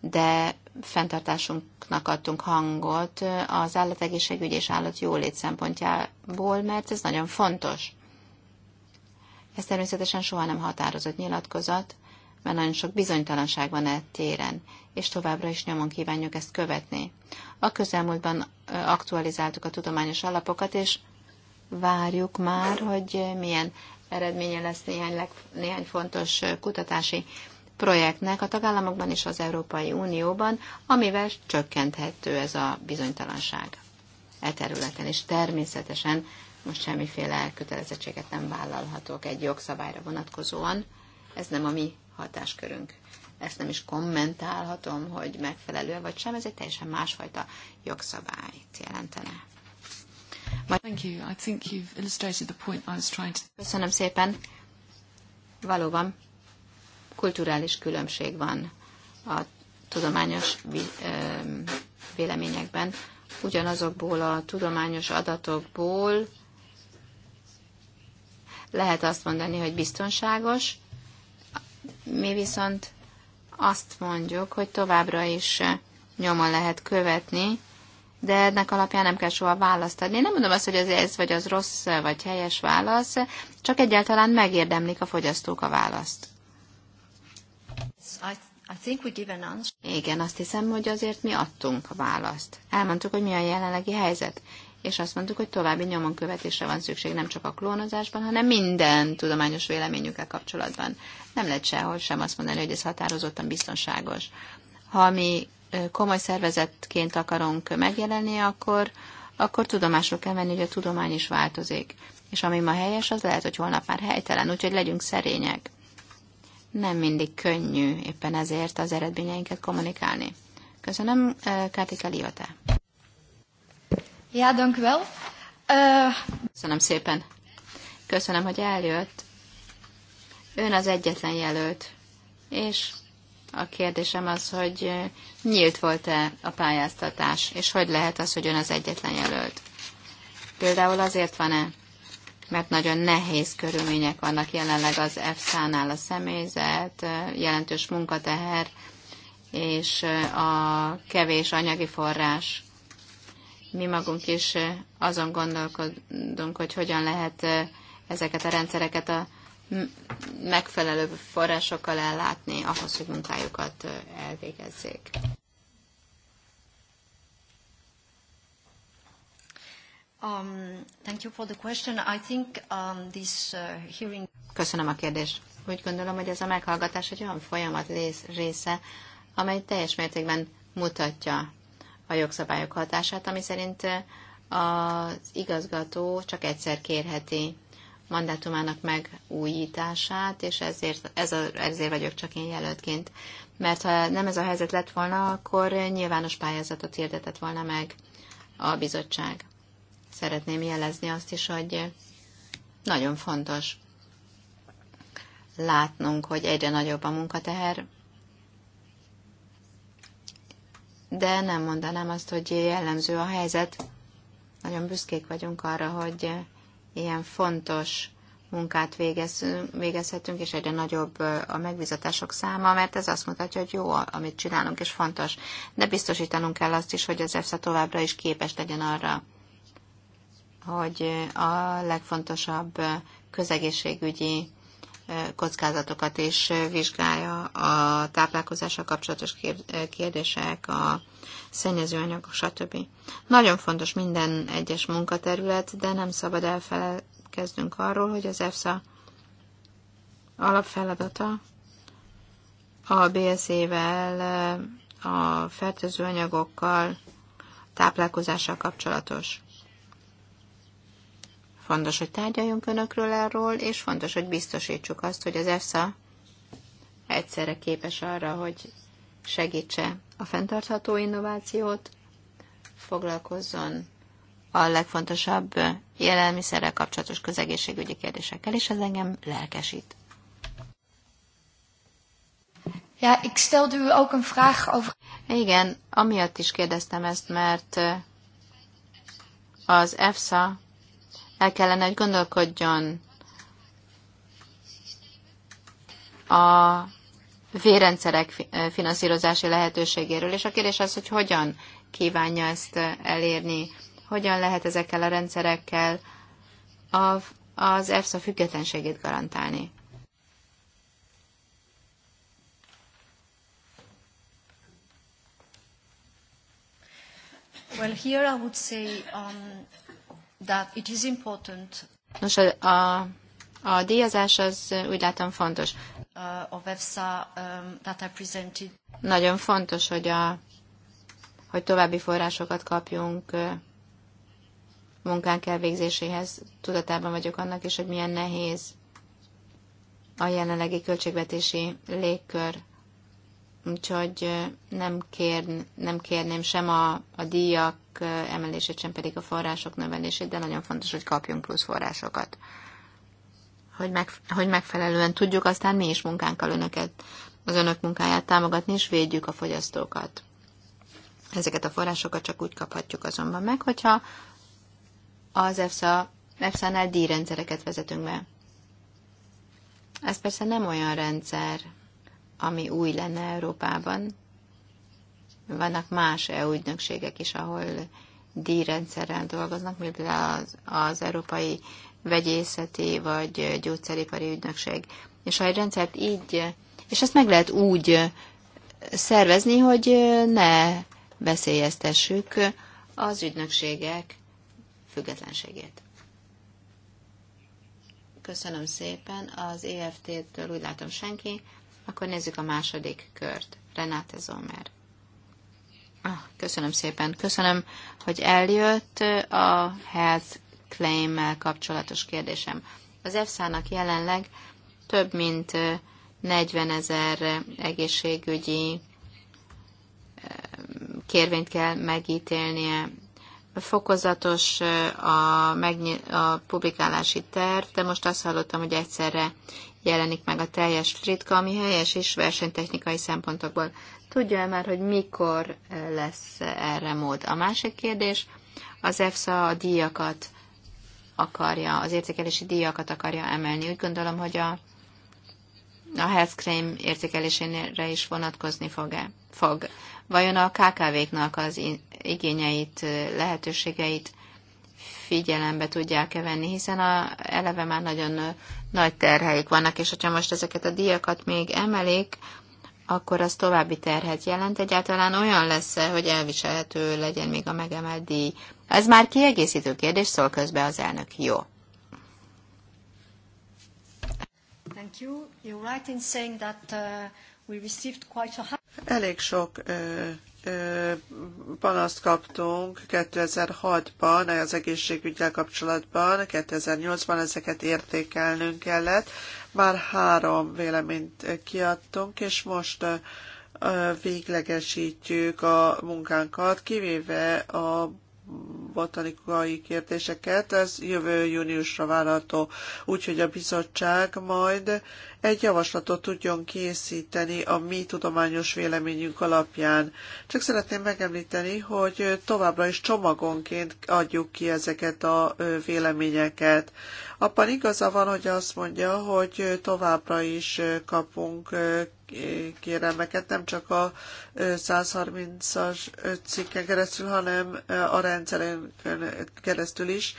De fenntartásunknak adtunk hangot az állategészségügy és állat jólét szempontjából, mert ez nagyon fontos. Ez természetesen soha nem határozott nyilatkozat, mert nagyon sok bizonytalanság van e téren, és továbbra is nyomon kívánjuk ezt követni. A közelmúltban aktualizáltuk a tudományos alapokat, és várjuk már, hogy milyen eredménye lesz néhány, leg, néhány fontos kutatási projektnek a tagállamokban és az Európai Unióban, amivel csökkenthető ez a bizonytalanság e területen. És természetesen most semmiféle kötelezettséget nem vállalhatok egy jogszabályra vonatkozóan. Ez nem a mi hatáskörünk. Ezt nem is kommentálhatom, hogy megfelelő vagy sem, ez egy teljesen másfajta jogszabályt jelentene. Thank you. I think you've illustrated the point I was trying to... Köszönöm szépen. Valóban kulturális különbség van a tudományos véleményekben. Ugyanazokból a tudományos adatokból lehet azt mondani, hogy biztonságos, mi viszont azt mondjuk, hogy továbbra is nyoma lehet követni, de ennek alapján nem kell soha választ adni. Én nem mondom azt, hogy az ez vagy az rossz vagy helyes válasz, csak egyáltalán megérdemlik a fogyasztók a választ. Igen, azt hiszem, hogy azért mi adtunk a választ. Elmondtuk, hogy mi a jelenlegi helyzet és azt mondtuk, hogy további nyomon követésre van szükség nem csak a klónozásban, hanem minden tudományos véleményükkel kapcsolatban. Nem lehet sehol sem azt mondani, hogy ez határozottan biztonságos. Ha mi komoly szervezetként akarunk megjelenni, akkor, akkor tudomásul kell venni, hogy a tudomány is változik. És ami ma helyes, az lehet, hogy holnap már helytelen, úgyhogy legyünk szerények. Nem mindig könnyű éppen ezért az eredményeinket kommunikálni. Köszönöm, Kátika Liotá. Ja, dank wel. Eh, Köszönöm szépen. Köszönöm, hogy eljött. Ön az egyetlen jelölt. És a kérdésem az, hogy eh, nyílt volt-e a pályáztatás, és hogy lehet az, hogy ön az egyetlen jelölt. Például azért van-e, mert nagyon nehéz körülmények vannak jelenleg az EFSA-nál a személyzet, eh, jelentős munkateher, és a kevés anyagi forrás mi magunk is eh, azon gondolkodunk, hogy hogyan lehet eh, ezeket a rendszereket a megfelelő forrásokkal ellátni ahhoz, hogy munkájukat eh, elvégezzék. Um, thank you for the question. I think um, this uh, hearing... Köszönöm a kérdést. Úgy gondolom, hogy ez a meghallgatás egy olyan folyamat része, amely teljes mértékben mutatja a jogszabályok hatását, ami szerint eh, az igazgató csak egyszer kérheti mandátumának megújítását, és ezért, ez a, ezért vagyok csak én jelöltként. Mert ha nem ez a helyzet lett volna, akkor nyilvános pályázatot hirdetett volna meg a bizottság. Szeretném jelezni azt is, hogy nagyon fontos látnunk, hogy egyre nagyobb a munkateher, de nem mondanám azt, hogy jellemző a helyzet. Nagyon büszkék vagyunk arra, hogy ilyen fontos munkát végez, végezhetünk, és egyre nagyobb a megbizatások száma, mert ez azt mutatja, hogy jó, amit csinálunk, és fontos. De biztosítanunk kell azt is, hogy az EFSA továbbra is képes legyen arra, hogy a legfontosabb közegészségügyi kockázatokat is vizsgálja, a táplálkozással kapcsolatos kérdések, a szennyezőanyagok, stb. Nagyon fontos minden egyes munkaterület, de nem szabad elfelelkeznünk arról, hogy az EFSA alapfeladata a BSZ-vel, a fertőzőanyagokkal, táplálkozással kapcsolatos. Fontos, hogy tárgyaljunk önökről erről, és fontos, hogy biztosítsuk azt, hogy az ESZA egyszerre képes arra, hogy segítse a fenntartható innovációt, foglalkozzon a legfontosabb élelmiszerrel kapcsolatos közegészségügyi kérdésekkel, és ez engem lelkesít. Ja, ik stelde u ook een vraag over... Igen, amiatt is kérdeztem ezt, mert az EFSA el kellene, hogy gondolkodjon a vérrendszerek finanszírozási lehetőségéről, és a kérdés az, hogy hogyan kívánja ezt elérni, hogyan lehet ezekkel a rendszerekkel az EFSA függetlenségét garantálni. Well, here I would say um, that it is important Nos, a, a, a díjazás az úgy látom fontos. Uh, of EFSA, um, that I presented. Nagyon fontos, hogy, a, hogy további forrásokat kapjunk uh, munkánk elvégzéséhez. Tudatában vagyok annak is, hogy milyen nehéz a jelenlegi költségvetési légkör Úgyhogy nem, kér, nem kérném sem a, a díjak emelését, sem pedig a források növelését, de nagyon fontos, hogy kapjunk plusz forrásokat. Hogy, meg, hogy megfelelően tudjuk aztán mi is munkánkkal önöket, az önök munkáját támogatni, és védjük a fogyasztókat. Ezeket a forrásokat csak úgy kaphatjuk azonban meg, hogyha az EFSA, EFSA-nál díjrendszereket vezetünk be. Ez persze nem olyan rendszer, ami új lenne Európában. Vannak más EU ügynökségek is, ahol díjrendszerrel dolgoznak, mint az, az Európai Vegyészeti vagy Gyógyszeripari Ügynökség. És ha egy rendszert így, és ezt meg lehet úgy szervezni, hogy ne veszélyeztessük az ügynökségek függetlenségét. Köszönöm szépen. Az EFT-től úgy látom senki. Akkor nézzük a második kört. Renate Zomer. Ah, köszönöm szépen. Köszönöm, hogy eljött a health claim-mel kapcsolatos kérdésem. Az EFSA-nak jelenleg több mint 40 ezer egészségügyi kérvényt kell megítélnie. Fokozatos a, megny- a publikálási terv, de most azt hallottam, hogy egyszerre jelenik meg a teljes fritka, ami helyes és versenytechnikai szempontokból. Tudja-e már, hogy mikor eh, lesz erre mód? A másik kérdés, az EFSA a díjakat akarja, az értékelési díjakat akarja emelni. Úgy gondolom, hogy a, a health cream értékelésére is vonatkozni fog-e? fog. Vajon a KKV-knak az igényeit, eh, lehetőségeit figyelembe tudják-e venni, hiszen a, eleve már nagyon nagy terheik vannak, és hogyha most ezeket a díjakat még emelik, akkor az további terhet jelent. Egyáltalán olyan lesz -e, hogy elviselhető legyen még a megemelt díj. Ez már kiegészítő kérdés, szól közben az elnök. Jó. Thank you. You're right in saying that uh, we received quite a... Elég sok uh panaszt kaptunk 2006-ban az egészségügyel kapcsolatban, 2008-ban ezeket értékelnünk kellett. Már három véleményt kiadtunk, és most véglegesítjük a munkánkat, kivéve a botanikai kérdéseket, ez jövő júniusra várható, úgyhogy a bizottság majd egy javaslatot tudjon készíteni a mi tudományos véleményünk alapján. Csak szeretném megemlíteni, hogy továbbra is csomagonként adjuk ki ezeket a véleményeket. Abban igaza van, hogy azt mondja, hogy továbbra is kapunk kérelmeket, nem csak a 130-as cikken keresztül, hanem a rendszeren keresztül is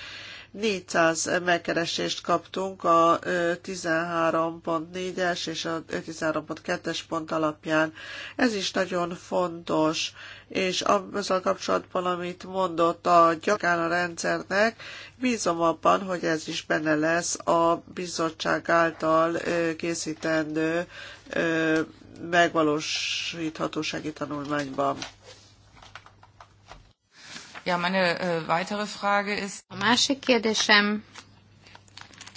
400 megkeresést kaptunk a 13.4-es és a 13.2-es pont alapján. Ez is nagyon fontos, és azzal kapcsolatban, amit mondott a gyakán a rendszernek, bízom abban, hogy ez is benne lesz a bizottság által készítendő megvalósíthatósági tanulmányban. Ja, meine äh, weitere Frage ist... A másik kérdésem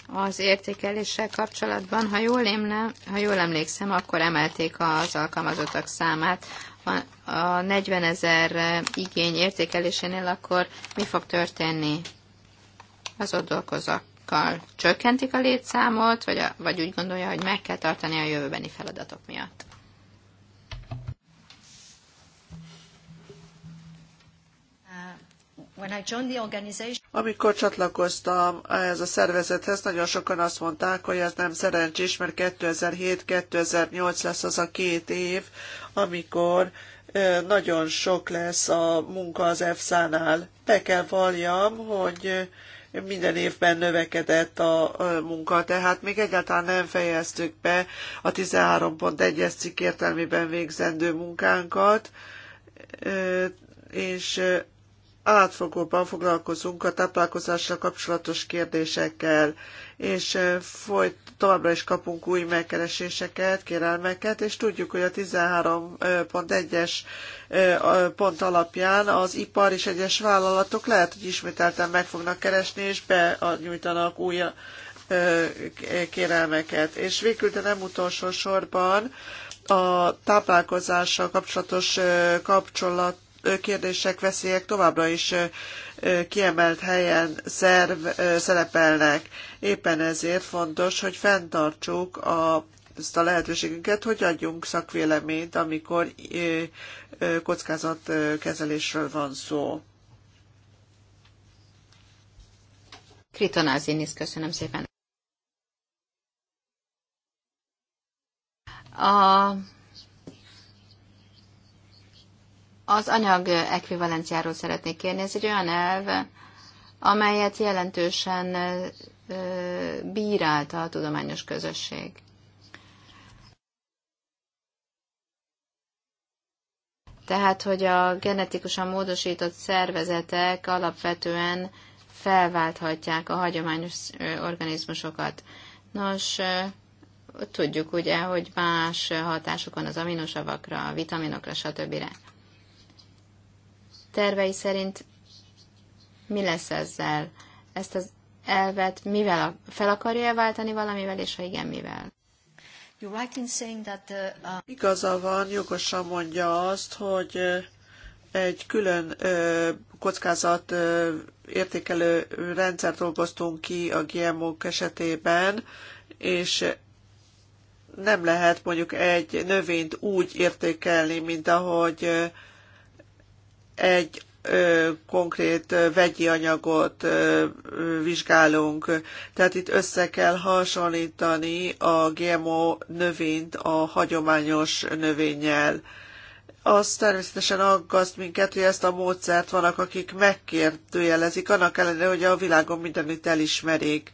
az értékeléssel kapcsolatban, ha jól, émne, ha jól emlékszem, akkor emelték az alkalmazottak számát. A, a 40 ezer igény értékelésénél akkor mi fog történni az ott dolgozókkal? Csökkentik a létszámot, vagy, a, vagy úgy gondolja, hogy meg kell tartani a jövőbeni feladatok miatt? Amikor csatlakoztam ehhez a szervezethez, nagyon sokan azt mondták, hogy ez nem szerencsés, mert 2007-2008 lesz az a két év, amikor nagyon sok lesz a munka az EFSA-nál. Be kell valljam, hogy minden évben növekedett a munka, tehát még egyáltalán nem fejeztük be a 13.1-es cikk értelmében végzendő munkánkat, és átfogóban foglalkozunk a táplálkozással kapcsolatos kérdésekkel, és folyt, továbbra is kapunk új megkereséseket, kérelmeket, és tudjuk, hogy a 13.1-es pont alapján az ipar és egyes vállalatok lehet, hogy ismételten meg fognak keresni, és benyújtanak új kérelmeket. És végül, de nem utolsó sorban, a táplálkozással kapcsolatos kapcsolat kérdések, veszélyek továbbra is kiemelt helyen szerv, szerepelnek. Éppen ezért fontos, hogy fenntartsuk a ezt a lehetőségünket, hogy adjunk szakvéleményt, amikor kockázatkezelésről van szó. Kriton Azinis, köszönöm szépen. A Az anyag ekvivalenciáról szeretnék kérni. Ez egy olyan elv, amelyet jelentősen bírálta a tudományos közösség. Tehát, hogy a genetikusan módosított szervezetek alapvetően felválthatják a hagyományos organizmusokat. Nos, tudjuk ugye, hogy más hatásuk van az aminosavakra, a vitaminokra, stb tervei szerint mi lesz ezzel? Ezt az elvet mivel a, fel akarja váltani valamivel, és ha igen, mivel? Uh, uh, Igaza van, jogosan mondja azt, hogy uh, egy külön kockázat értékelő rendszer dolgoztunk ki a GMO-k esetében, és nem lehet mondjuk egy növényt úgy értékelni, mint ahogy egy konkrét vegyi anyagot vizsgálunk. Tehát itt össze kell hasonlítani a GMO növényt a hagyományos növényel. Az természetesen aggaszt minket, hogy ezt a módszert vannak, akik megkérdőjelezik, annak ellenére, hogy a világon mindenütt elismerik.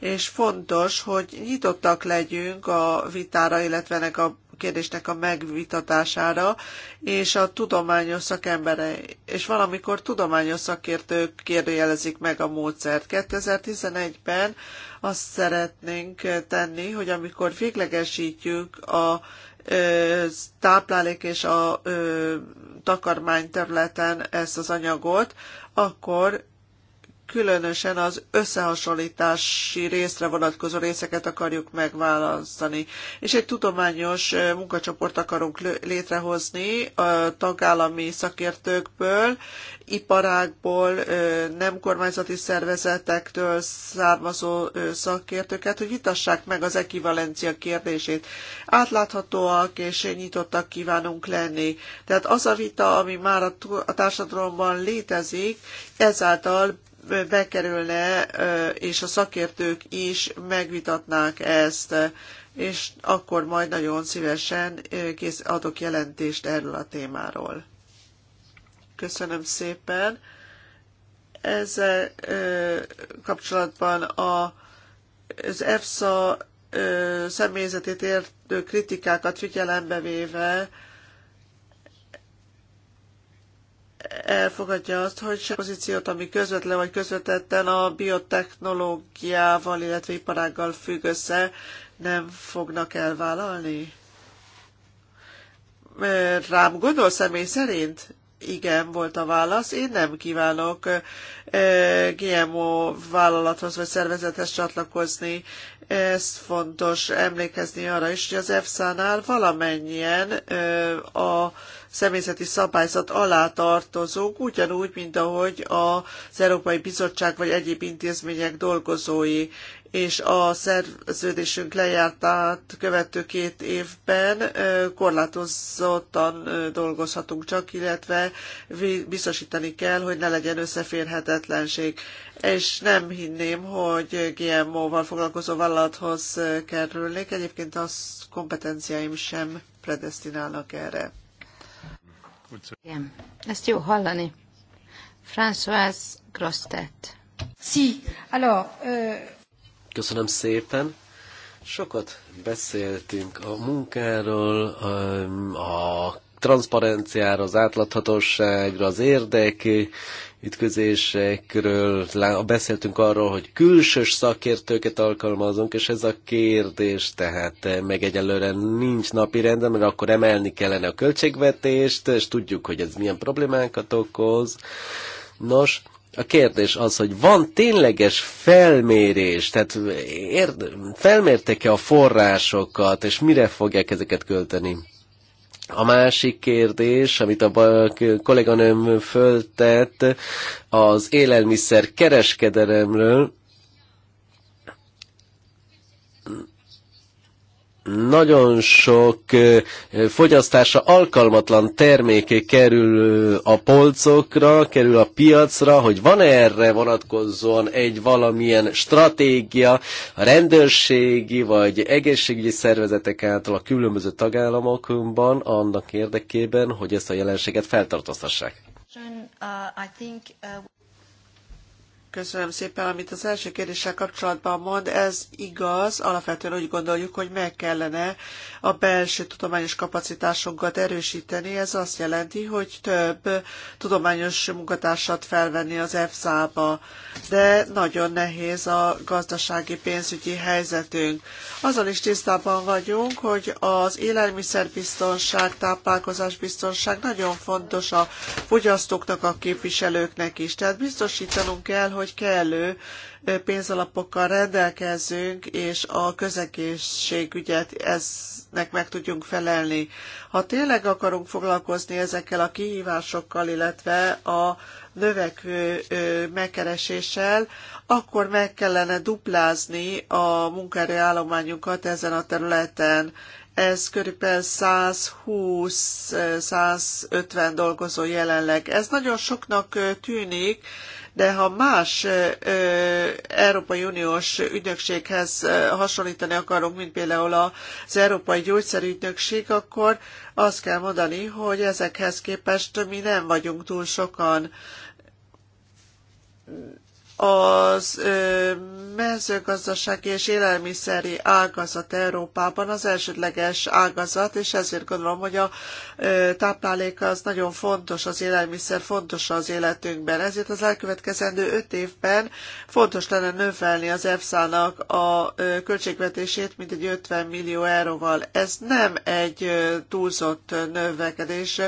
És fontos, hogy nyitottak legyünk a vitára, illetve ennek a kérdésnek a megvitatására, és a tudományos szakembere, és valamikor tudományos szakértők kérdőjelezik meg a módszert. 2011-ben azt szeretnénk tenni, hogy amikor véglegesítjük a táplálék és a ö, takarmány területen ezt az anyagot, akkor különösen az összehasonlítási részre vonatkozó részeket akarjuk megválasztani. És egy tudományos munkacsoport akarunk létrehozni a tagállami szakértőkből, iparákból, nem kormányzati szervezetektől származó szakértőket, hogy vitassák meg az ekivalencia kérdését. Átláthatóak és nyitottak kívánunk lenni. Tehát az a vita, ami már a társadalomban létezik, ezáltal bekerülne, és a szakértők is megvitatnák ezt, és akkor majd nagyon szívesen adok jelentést erről a témáról. Köszönöm szépen. Ezzel kapcsolatban a, az EFSA személyzetét értő kritikákat figyelembe véve, elfogadja azt, hogy se pozíciót, ami közvetlen vagy közvetetten a biotechnológiával, illetve iparággal függ össze, nem fognak elvállalni? Rám gondol személy szerint? Igen, volt a válasz. Én nem kívánok GMO vállalathoz vagy szervezethez csatlakozni. Ez fontos emlékezni arra is, hogy az EFSA-nál valamennyien a személyzeti szabályzat alá tartozók, ugyanúgy, mint ahogy az Európai Bizottság vagy egyéb intézmények dolgozói és a szerződésünk lejártát követő két évben korlátozottan dolgozhatunk csak, illetve biztosítani kell, hogy ne legyen összeférhetetlenség. És nem hinném, hogy GMO-val foglalkozó vállalathoz kerülnék, egyébként az kompetenciáim sem predestinálnak erre. Igen, ezt jó hallani. François Grostet. Si, alors... Euh... Köszönöm szépen. Sokat beszéltünk a munkáról, a transzparenciára, az átláthatóságra, az érdek ütközésekről, beszéltünk arról, hogy külsős szakértőket alkalmazunk, és ez a kérdés, tehát eh, meg egyelőre nincs napi rendben, mert akkor emelni kellene a költségvetést, és tudjuk, hogy ez milyen problémákat okoz. Nos, a kérdés az, hogy van tényleges felmérés, tehát érd, felmértek-e a forrásokat, és mire fogják ezeket költeni? A másik kérdés, amit a kolléganőm föltett, az élelmiszer kereskedelemről, nagyon sok fogyasztása alkalmatlan terméke kerül a polcokra, kerül a piacra, hogy van -e erre vonatkozóan egy valamilyen stratégia a rendőrségi vagy egészségügyi szervezetek által a különböző tagállamokban annak érdekében, hogy ezt a jelenséget feltartóztassák. Uh, uh, Köszönöm szépen, amit az első kérdéssel kapcsolatban mond, ez igaz, alapvetően úgy gondoljuk, hogy meg kellene a belső tudományos kapacitásunkat erősíteni, ez azt jelenti, hogy több tudományos munkatársat felvenni az EFSA-ba, de nagyon nehéz a gazdasági pénzügyi helyzetünk. Azzal is tisztában vagyunk, hogy az élelmiszerbiztonság, táplálkozásbiztonság nagyon fontos a fogyasztóknak, a képviselőknek is, tehát biztosítanunk kell, hogy hogy kellő pénzalapokkal rendelkezzünk, és a közegészségügyet eznek meg tudjunk felelni. Ha tényleg akarunk foglalkozni ezekkel a kihívásokkal, illetve a növekvő megkereséssel, akkor meg kellene duplázni a munkaerőállományunkat ezen a területen. Ez körülbelül 120-150 dolgozó jelenleg. Ez nagyon soknak tűnik, de ha más Európai Uniós ügynökséghez hasonlítani akarunk, mint például az Európai Gyógyszerügynökség, akkor azt kell mondani, hogy ezekhez képest mi nem vagyunk túl sokan az mezőgazdasági és élelmiszeri ágazat Európában az elsődleges ágazat, és ezért gondolom, hogy a táplálék az nagyon fontos, az élelmiszer fontos az életünkben. Ezért az elkövetkezendő öt évben fontos lenne növelni az EFSA-nak a költségvetését mintegy 50 millió euróval. Ez nem egy túlzott növekedés,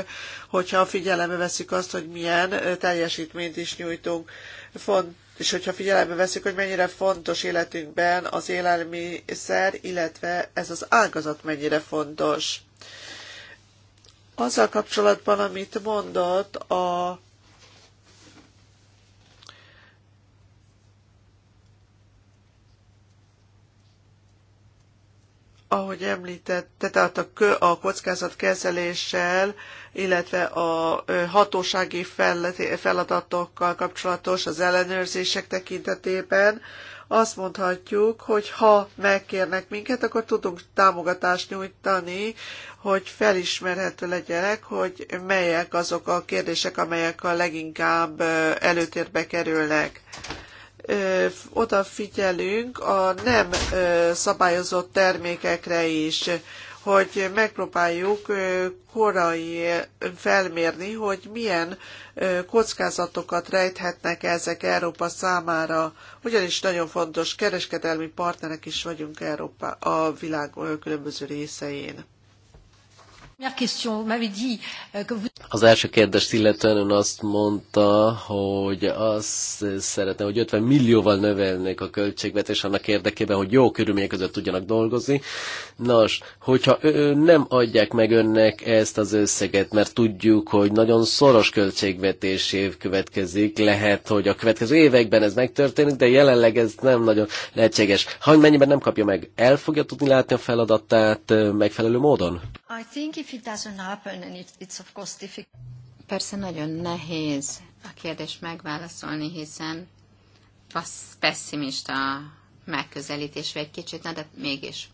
hogyha figyelembe veszük azt, hogy milyen teljesítményt is nyújtunk. Font és hogyha figyelembe veszük, hogy mennyire fontos életünkben az élelmiszer, illetve ez az ágazat mennyire fontos. Azzal kapcsolatban, amit mondott a ahogy említette, tehát a, kö, a kockázat kezeléssel, illetve a hatósági feladatokkal kapcsolatos az ellenőrzések tekintetében azt mondhatjuk, hogy ha megkérnek minket, akkor tudunk támogatást nyújtani, hogy felismerhető legyenek, hogy melyek azok a kérdések, amelyek a leginkább előtérbe kerülnek odafigyelünk a nem szabályozott termékekre is, hogy megpróbáljuk korai felmérni, hogy milyen kockázatokat rejthetnek ezek Európa számára, ugyanis nagyon fontos kereskedelmi partnerek is vagyunk Európa a világ különböző részein. Euh, az első kérdést illetően ön azt mondta, hogy azt szeretne, hogy 50 millióval növelnék a költségvetés annak érdekében, hogy jó körülmények között tudjanak dolgozni. Nos, hogyha nem adják meg önnek ezt az összeget, mert tudjuk, hogy nagyon szoros költségvetés év következik, lehet, hogy a következő években ez megtörténik, de jelenleg ez nem nagyon lehetséges. Ha mennyiben nem kapja meg, el fogja tudni látni a feladatát megfelelő módon? I think if if it doesn't happen, and it, it's of course difficult. Persze nagyon nehéz a kérdést megválaszolni, hiszen pessimista megközelítésre egy kicsit, na de mégis.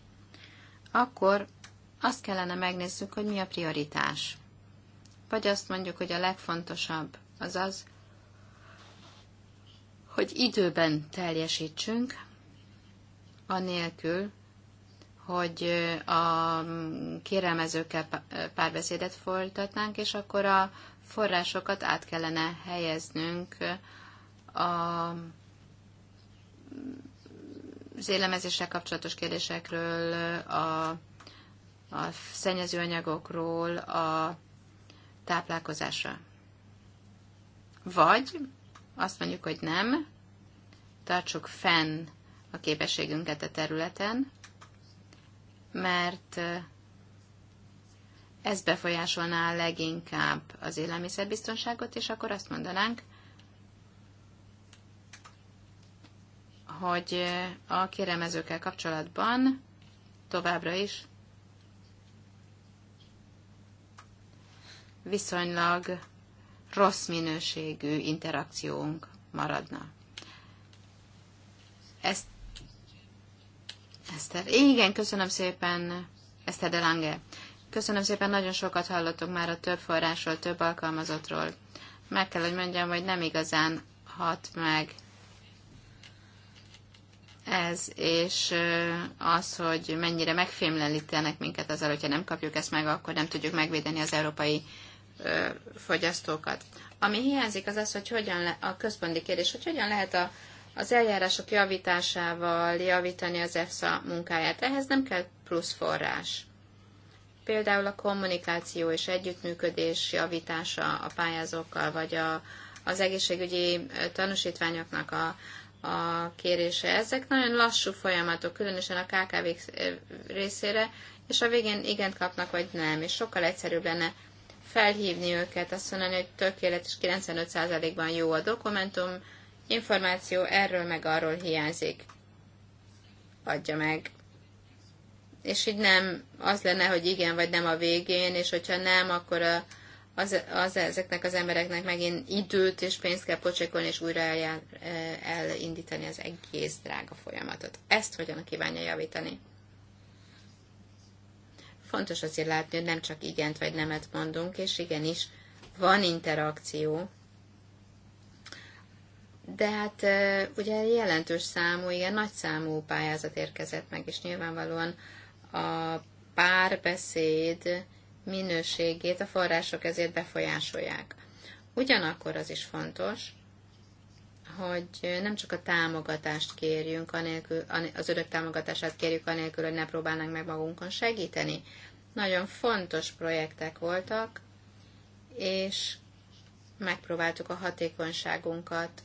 Akkor azt kellene megnézzük, hogy mi a prioritás. Vagy azt mondjuk, hogy a legfontosabb az az, hogy időben teljesítsünk, anélkül, hogy a mm, kérelmezőkkel párbeszédet folytatnánk, és akkor a forrásokat át kellene helyeznünk a mm, az élemezéssel kapcsolatos kérdésekről, a, a szennyezőanyagokról, a táplálkozásra. Vagy azt mondjuk, hogy nem, tartsuk fenn a képességünket a területen, mert ez befolyásolná leginkább az élelmiszerbiztonságot, és akkor azt mondanánk, hogy a kéremezőkkel kapcsolatban továbbra is viszonylag rossz minőségű interakciónk maradna. Ezt Eszter. Igen, köszönöm szépen, Eszter de Lange. Köszönöm szépen, nagyon sokat hallottuk már a több forrásról, több alkalmazottról. Meg kell, hogy mondjam, hogy nem igazán hat meg ez, és az, hogy mennyire megfémlelítenek minket azzal, hogyha nem kapjuk ezt meg, akkor nem tudjuk megvédeni az európai fogyasztókat. Ami hiányzik, az az, hogy hogyan le, a központi kérdés, hogy hogyan lehet a az eljárások javításával javítani az EFSA munkáját. Ehhez nem kell plusz forrás. Például a kommunikáció és együttműködés javítása a pályázókkal, vagy a, az egészségügyi tanúsítványoknak a, a kérése. Ezek nagyon lassú folyamatok, különösen a KKV részére, és a végén igent kapnak, vagy nem, és sokkal egyszerűbb lenne felhívni őket, azt mondani, hogy tökéletes 95%-ban jó a dokumentum, Információ erről meg arról hiányzik. Adja meg. És így nem az lenne, hogy igen vagy nem a végén, és hogyha nem, akkor a, az, az ezeknek az embereknek megint időt és pénzt kell pocsékolni, és újra eljár, e, elindítani az egész drága folyamatot. Ezt hogyan kívánja javítani? Fontos azért látni, hogy nem csak igent vagy nemet mondunk, és igenis van interakció de hát ugye jelentős számú, igen, nagy számú pályázat érkezett meg, és nyilvánvalóan a párbeszéd minőségét a források ezért befolyásolják. Ugyanakkor az is fontos, hogy nem csak a támogatást kérjünk, anélkül, az örök támogatását kérjük anélkül, hogy ne próbálnánk meg magunkon segíteni. Nagyon fontos projektek voltak, és megpróbáltuk a hatékonyságunkat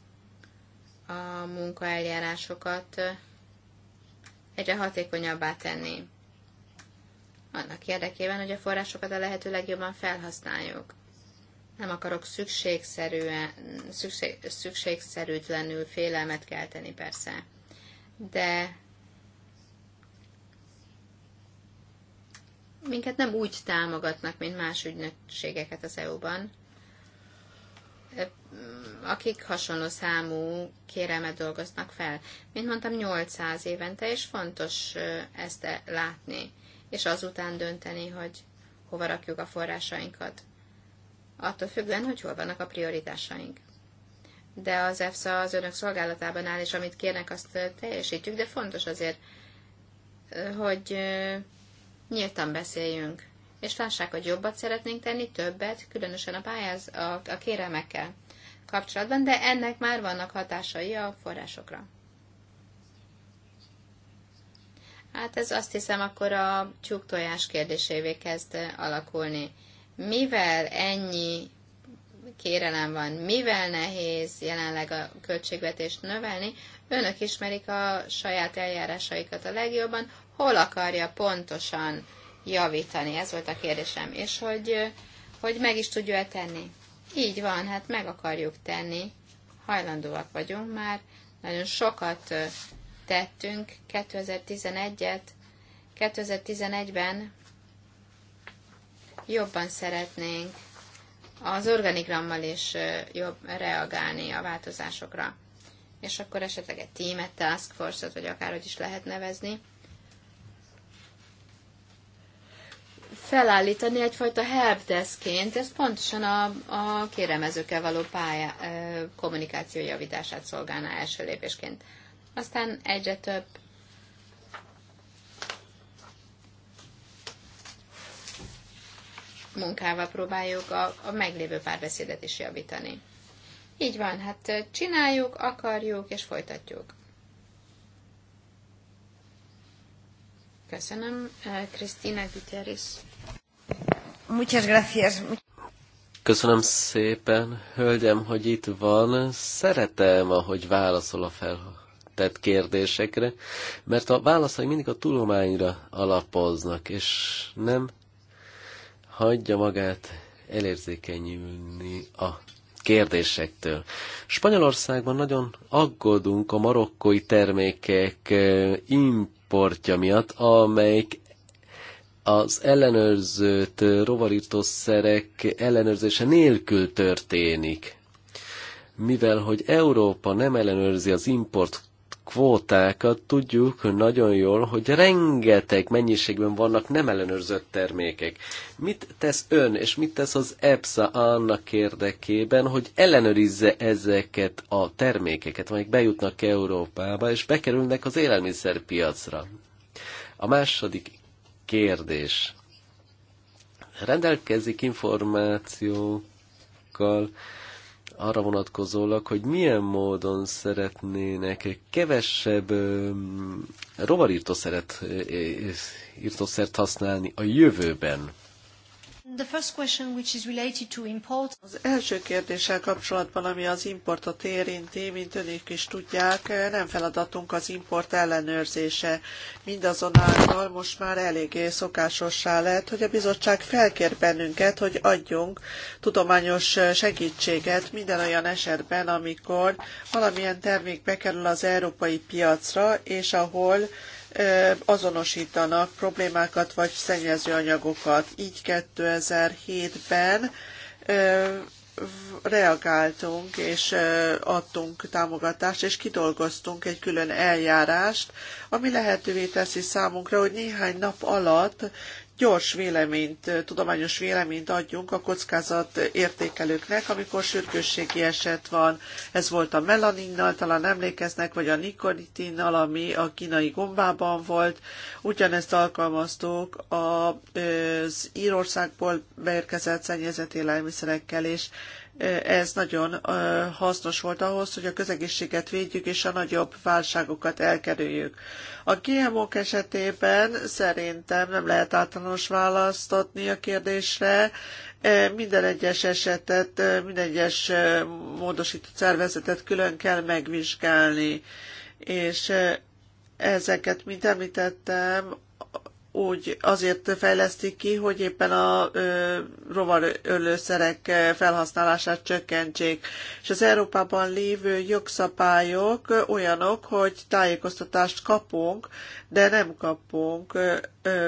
a munkaeljárásokat egyre hatékonyabbá tenni. Annak érdekében, hogy a forrásokat a lehető legjobban felhasználjuk. Nem akarok szükségszerűen, szükség, szükségszerűtlenül félelmet kelteni persze. De minket nem úgy támogatnak, mint más ügynökségeket az EU-ban akik hasonló számú kérelmet dolgoznak fel. Mint mondtam, 800 évente, és fontos ezt e- látni, és azután dönteni, hogy hova rakjuk a forrásainkat. Attól függően, hogy hol vannak a prioritásaink. De az EFSA az önök szolgálatában áll, és amit kérnek, azt teljesítjük, de fontos azért, hogy nyíltan beszéljünk, és lássák, hogy jobbat szeretnénk tenni, többet, különösen a pályáz a, a kérelmekkel kapcsolatban, de ennek már vannak hatásai a forrásokra. Hát ez azt hiszem akkor a csuktojás kérdésévé kezd alakulni. Mivel ennyi kérelem van, mivel nehéz jelenleg a költségvetést növelni, önök ismerik a saját eljárásaikat a legjobban, hol akarja pontosan javítani? Ez volt a kérdésem. És hogy, hogy meg is tudja-e tenni? Így van, hát meg akarjuk tenni, hajlandóak vagyunk már, nagyon sokat tettünk 2011-et, 2011-ben jobban szeretnénk az organigrammal is jobb reagálni a változásokra. És akkor esetleg egy tímet, task force-ot, vagy akárhogy is lehet nevezni, felállítani egyfajta helpdeskként, ez pontosan a, a kéremezőkkel való pályá, kommunikáció javítását szolgálná első lépésként. Aztán egyre több munkával próbáljuk a, a meglévő párbeszédet is javítani. Így van, hát csináljuk, akarjuk és folytatjuk. Köszönöm, Krisztina Gutierrez. Muchas gracias. Köszönöm szépen, hölgyem, hogy itt van. Szeretem, ahogy válaszol a feltett kérdésekre, mert a válaszai mindig a tudományra alapoznak, és nem hagyja magát elérzékenyülni a kérdésektől. Spanyolországban nagyon aggódunk a marokkói termékek eh, importja miatt, amelyik az ellenőrzött rovarítószerek ellenőrzése nélkül történik. Mivel, hogy Európa nem ellenőrzi az import kvótákat, tudjuk nagyon jól, hogy rengeteg mennyiségben vannak nem ellenőrzött termékek. Mit tesz ön, és mit tesz az EPSA annak érdekében, hogy ellenőrizze ezeket a termékeket, amelyek bejutnak Európába, és bekerülnek az élelmiszerpiacra? A második kérdés. Rendelkezik információkkal arra vonatkozólag, hogy milyen módon szeretnének kevesebb rovarírtószeret használni a jövőben the first question which is related to import. Az első kérdéssel kapcsolatban, ami az importot érinti, mint önök is tudják, nem feladatunk az import ellenőrzése. Mindazonáltal most már eléggé szokásossá lett, hogy a bizottság felkér bennünket, hogy adjunk tudományos segítséget minden olyan esetben, amikor valamilyen termék bekerül az európai piacra, és ahol azonosítanak problémákat vagy szennyezőanyagokat. Így 2007-ben reagáltunk és adtunk támogatást, és kidolgoztunk egy külön eljárást, ami lehetővé teszi számunkra, hogy néhány nap alatt gyors véleményt, tudományos véleményt adjunk a kockázat értékelőknek, amikor sürgősségi eset van. Ez volt a melaninnal, talán emlékeznek, vagy a nikotinnal, ami a kínai gombában volt. Ugyanezt alkalmaztuk az Írországból beérkezett szennyezett élelmiszerekkel, és ez nagyon hasznos volt ahhoz, hogy a közegészséget védjük és a nagyobb válságokat elkerüljük. A GMO-k esetében szerintem nem lehet általános választ adni a kérdésre. Minden egyes esetet, minden egyes módosított szervezetet külön kell megvizsgálni. És ezeket, mint említettem, úgy azért fejlesztik ki, hogy éppen a ö, rovarölőszerek felhasználását csökkentsék. És az Európában lévő jogszabályok olyanok, hogy tájékoztatást kapunk, de nem kapunk ö,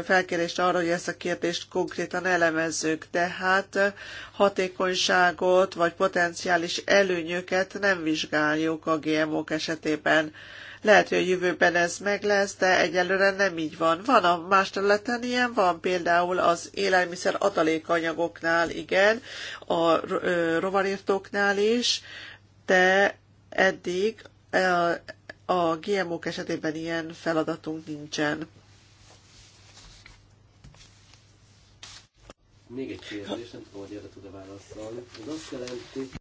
felkérést arra, hogy ezt a kérdést konkrétan elemezzük. Tehát hatékonyságot vagy potenciális előnyöket nem vizsgáljuk a GMO-k esetében lehet, hogy a jövőben ez meg lesz, de egyelőre nem így van. Van a más területen ilyen, van például az élelmiszer atalékanyagoknál, igen, a rovarírtóknál is, de eddig e, a GMO-k esetében ilyen feladatunk nincsen. Még egy kérdés, nem tudom, hogy erre tud-e válaszolni. Ez azt jelenti,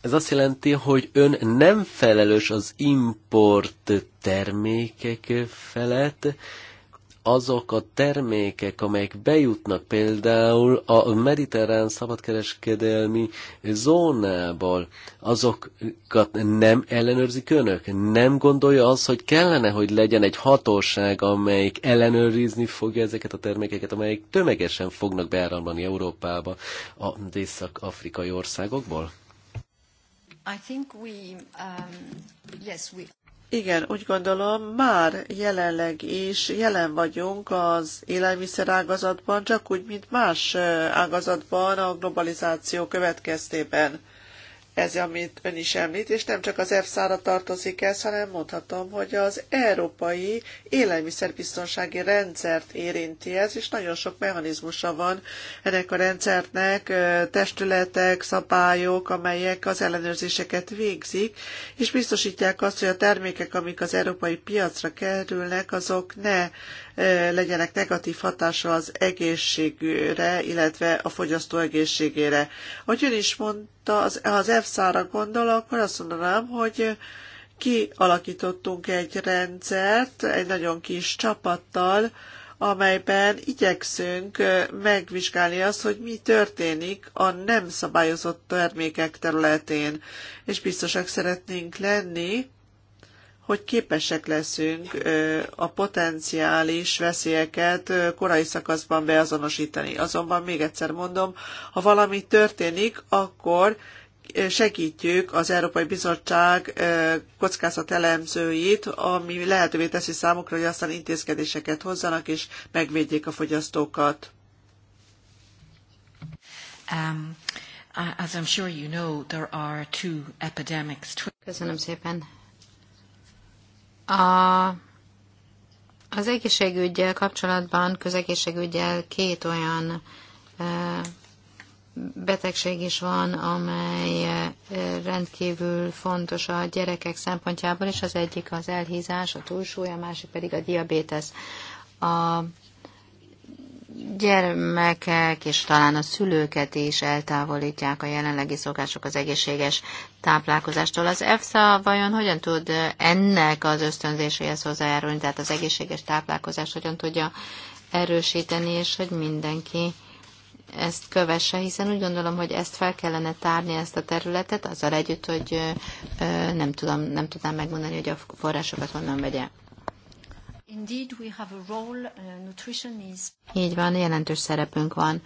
ez azt jelenti, hogy ön nem felelős az import termékek felett, azok a termékek, amelyek bejutnak például a mediterrán szabadkereskedelmi zónából, azokat nem ellenőrzik önök? Nem gondolja az, hogy kellene, hogy legyen egy hatóság, amelyik ellenőrizni fogja ezeket a termékeket, amelyek tömegesen fognak beáramlani Európába a dészak-afrikai országokból? Um, Igen, úgy gondolom, már jelenleg is jelen vagyunk az élelmiszerágazatban, csak úgy, mint más ágazatban a globalizáció következtében ez, amit ön is említ, és nem csak az EFSA-ra tartozik ez, hanem mondhatom, hogy az európai élelmiszerbiztonsági rendszert érinti ez, és nagyon sok mechanizmusa van ennek a rendszernek, testületek, szabályok, amelyek az ellenőrzéseket végzik, és biztosítják azt, hogy a termékek, amik az európai piacra kerülnek, azok ne legyenek negatív hatása az egészségre, illetve a fogyasztó egészségére. Ahogy ön is mondta, az, ha az EFSA-ra gondolok, akkor azt mondanám, hogy kialakítottunk egy rendszert egy nagyon kis csapattal, amelyben igyekszünk megvizsgálni azt, hogy mi történik a nem szabályozott termékek területén, és biztosak szeretnénk lenni, hogy képesek leszünk a potenciális veszélyeket korai szakaszban beazonosítani. Azonban még egyszer mondom, ha valami történik, akkor segítjük az Európai Bizottság kockázat elemzőit, ami lehetővé teszi számukra, hogy aztán intézkedéseket hozzanak és megvédjék a fogyasztókat. Um, as I'm sure you know, there are two epidemics. Köszönöm szépen a, az egészségügyel kapcsolatban, közegészségügyel két olyan betegség is van, amely rendkívül fontos a gyerekek szempontjából, és az egyik az elhízás, a túlsúly, a másik pedig a diabétesz. A gyermekek és talán a szülőket is eltávolítják a jelenlegi szokások az egészséges táplálkozástól. Az EFSA vajon hogyan tud ennek az ösztönzéséhez hozzájárulni, tehát az egészséges táplálkozást hogyan tudja erősíteni, és hogy mindenki ezt kövesse, hiszen úgy gondolom, hogy ezt fel kellene tárni, ezt a területet, azzal együtt, hogy nem, tudom, nem tudnám megmondani, hogy a forrásokat honnan vegye. Uh, Így van, jelentős szerepünk van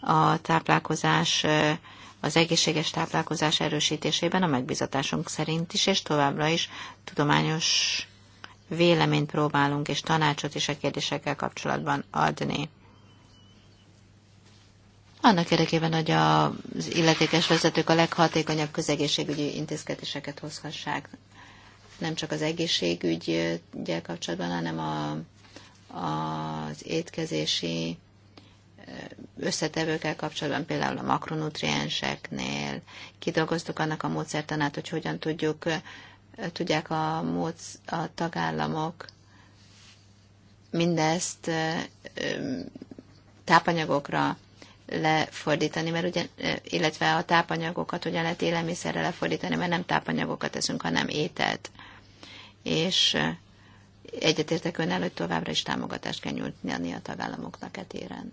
a táplálkozás, az egészséges táplálkozás erősítésében a megbizatásunk szerint is, és továbbra is tudományos véleményt próbálunk és tanácsot is a kérdésekkel kapcsolatban adni. Annak érdekében, hogy az illetékes vezetők a leghatékonyabb közegészségügyi intézkedéseket hozhassák nem csak az egészségügyel kapcsolatban, hanem a, az étkezési összetevőkkel kapcsolatban, például a makronutrienseknél. Kidolgoztuk annak a módszertanát, hogy hogyan tudjuk, tudják a, módsz, a tagállamok mindezt tápanyagokra lefordítani, mert ugye, illetve a tápanyagokat ugye lehet élelmiszerre lefordítani, mert nem tápanyagokat eszünk, hanem ételt és egyetértek önnel, hogy továbbra is támogatást kell nyújtani a tagállamoknak etéren.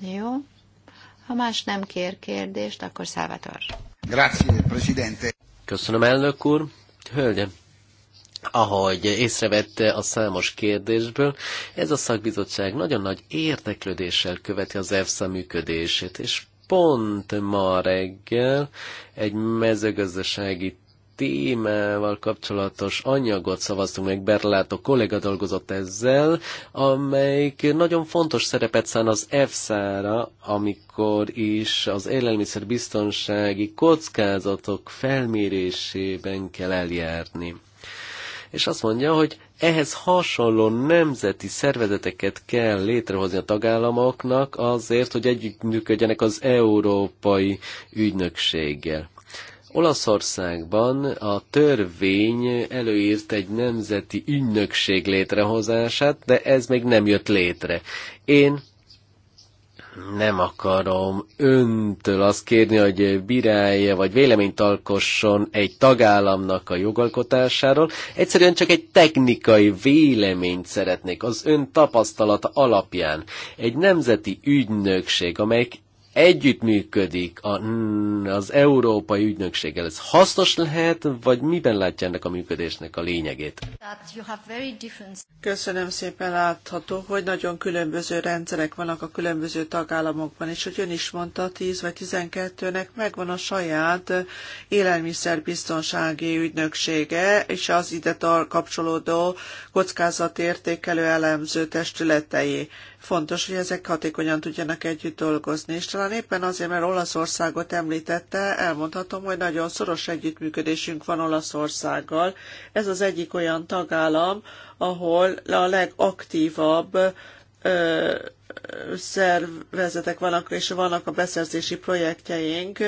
Jó. Ha más nem kér kérdést, akkor szávator. Grazie, Presidente. Köszönöm, elnök úr. Hölgyem, ahogy észrevette a számos kérdésből, ez a szakbizottság nagyon nagy érdeklődéssel követi az EFSA működését, és pont ma reggel egy mezőgazdasági témával kapcsolatos anyagot szavaztunk meg, Berlátó kolléga dolgozott ezzel, amelyik nagyon fontos szerepet szán az EFSA-ra, amikor is az élelmiszerbiztonsági kockázatok felmérésében kell eljárni. És azt mondja, hogy ehhez hasonló nemzeti szervezeteket kell létrehozni a tagállamoknak azért, hogy együttműködjenek az európai ügynökséggel. Olaszországban a törvény előírt egy nemzeti ügynökség létrehozását, de ez még nem jött létre. Én nem akarom öntől azt kérni, hogy bírálja vagy véleményt alkosson egy tagállamnak a jogalkotásáról. Egyszerűen csak egy technikai véleményt szeretnék az ön tapasztalata alapján. Egy nemzeti ügynökség, amelyik együttműködik a, az Európai Ügynökséggel, ez hasznos lehet, vagy miben látja ennek a működésnek a lényegét? Köszönöm szépen, látható, hogy nagyon különböző rendszerek vannak a különböző tagállamokban, és hogy ön is mondta, 10 vagy 12-nek megvan a saját élelmiszerbiztonsági ügynöksége, és az ide kapcsolódó kockázatértékelő elemző testületei fontos, hogy ezek hatékonyan tudjanak együtt dolgozni. És talán éppen azért, mert Olaszországot említette, elmondhatom, hogy nagyon szoros együttműködésünk van Olaszországgal. Ez az egyik olyan tagállam, ahol a legaktívabb ö, szervezetek vannak, és vannak a beszerzési projektjeink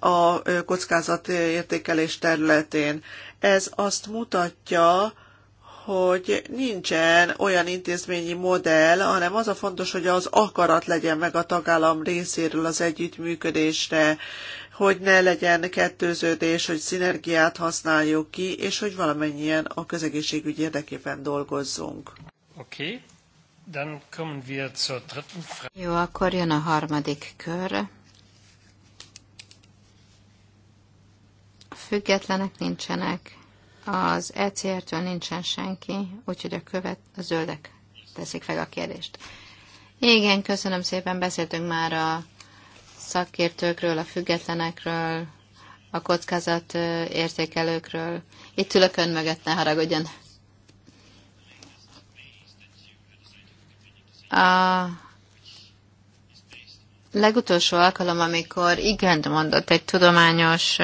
a kockázatértékelés területén. Ez azt mutatja, hogy nincsen olyan intézményi modell, hanem az a fontos, hogy az akarat legyen meg a tagállam részéről az együttműködésre, hogy ne legyen kettőződés, hogy szinergiát használjuk ki, és hogy valamennyien a közegészségügy érdekében dolgozzunk. Oké, okay. dann kommen wir zur dritten Frage. Jó, akkor jön a harmadik kör. Függetlenek nincsenek. Az ECR-től nincsen senki, úgyhogy a követ, a zöldek teszik fel a kérdést. Igen, köszönöm szépen, beszéltünk már a szakértőkről, a függetlenekről, a kockázat értékelőkről. Itt ülök ön mögött, ne haragudjon. A legutolsó alkalom, amikor igent mondott egy tudományos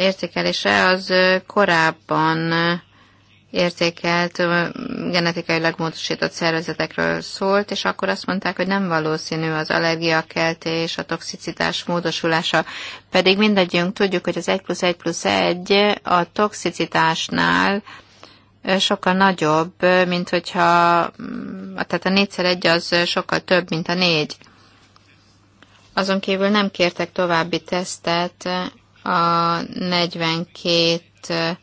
értékelése az korábban értékelt genetikailag módosított szervezetekről szólt, és akkor azt mondták, hogy nem valószínű az allergiakeltés, a toxicitás módosulása, pedig mindegyünk tudjuk, hogy az 1 plusz 1 plusz 1 a toxicitásnál sokkal nagyobb, mint hogyha, mm, tehát a 4 1 az sokkal több, mint a 4. Azon kívül nem kértek további tesztet a 42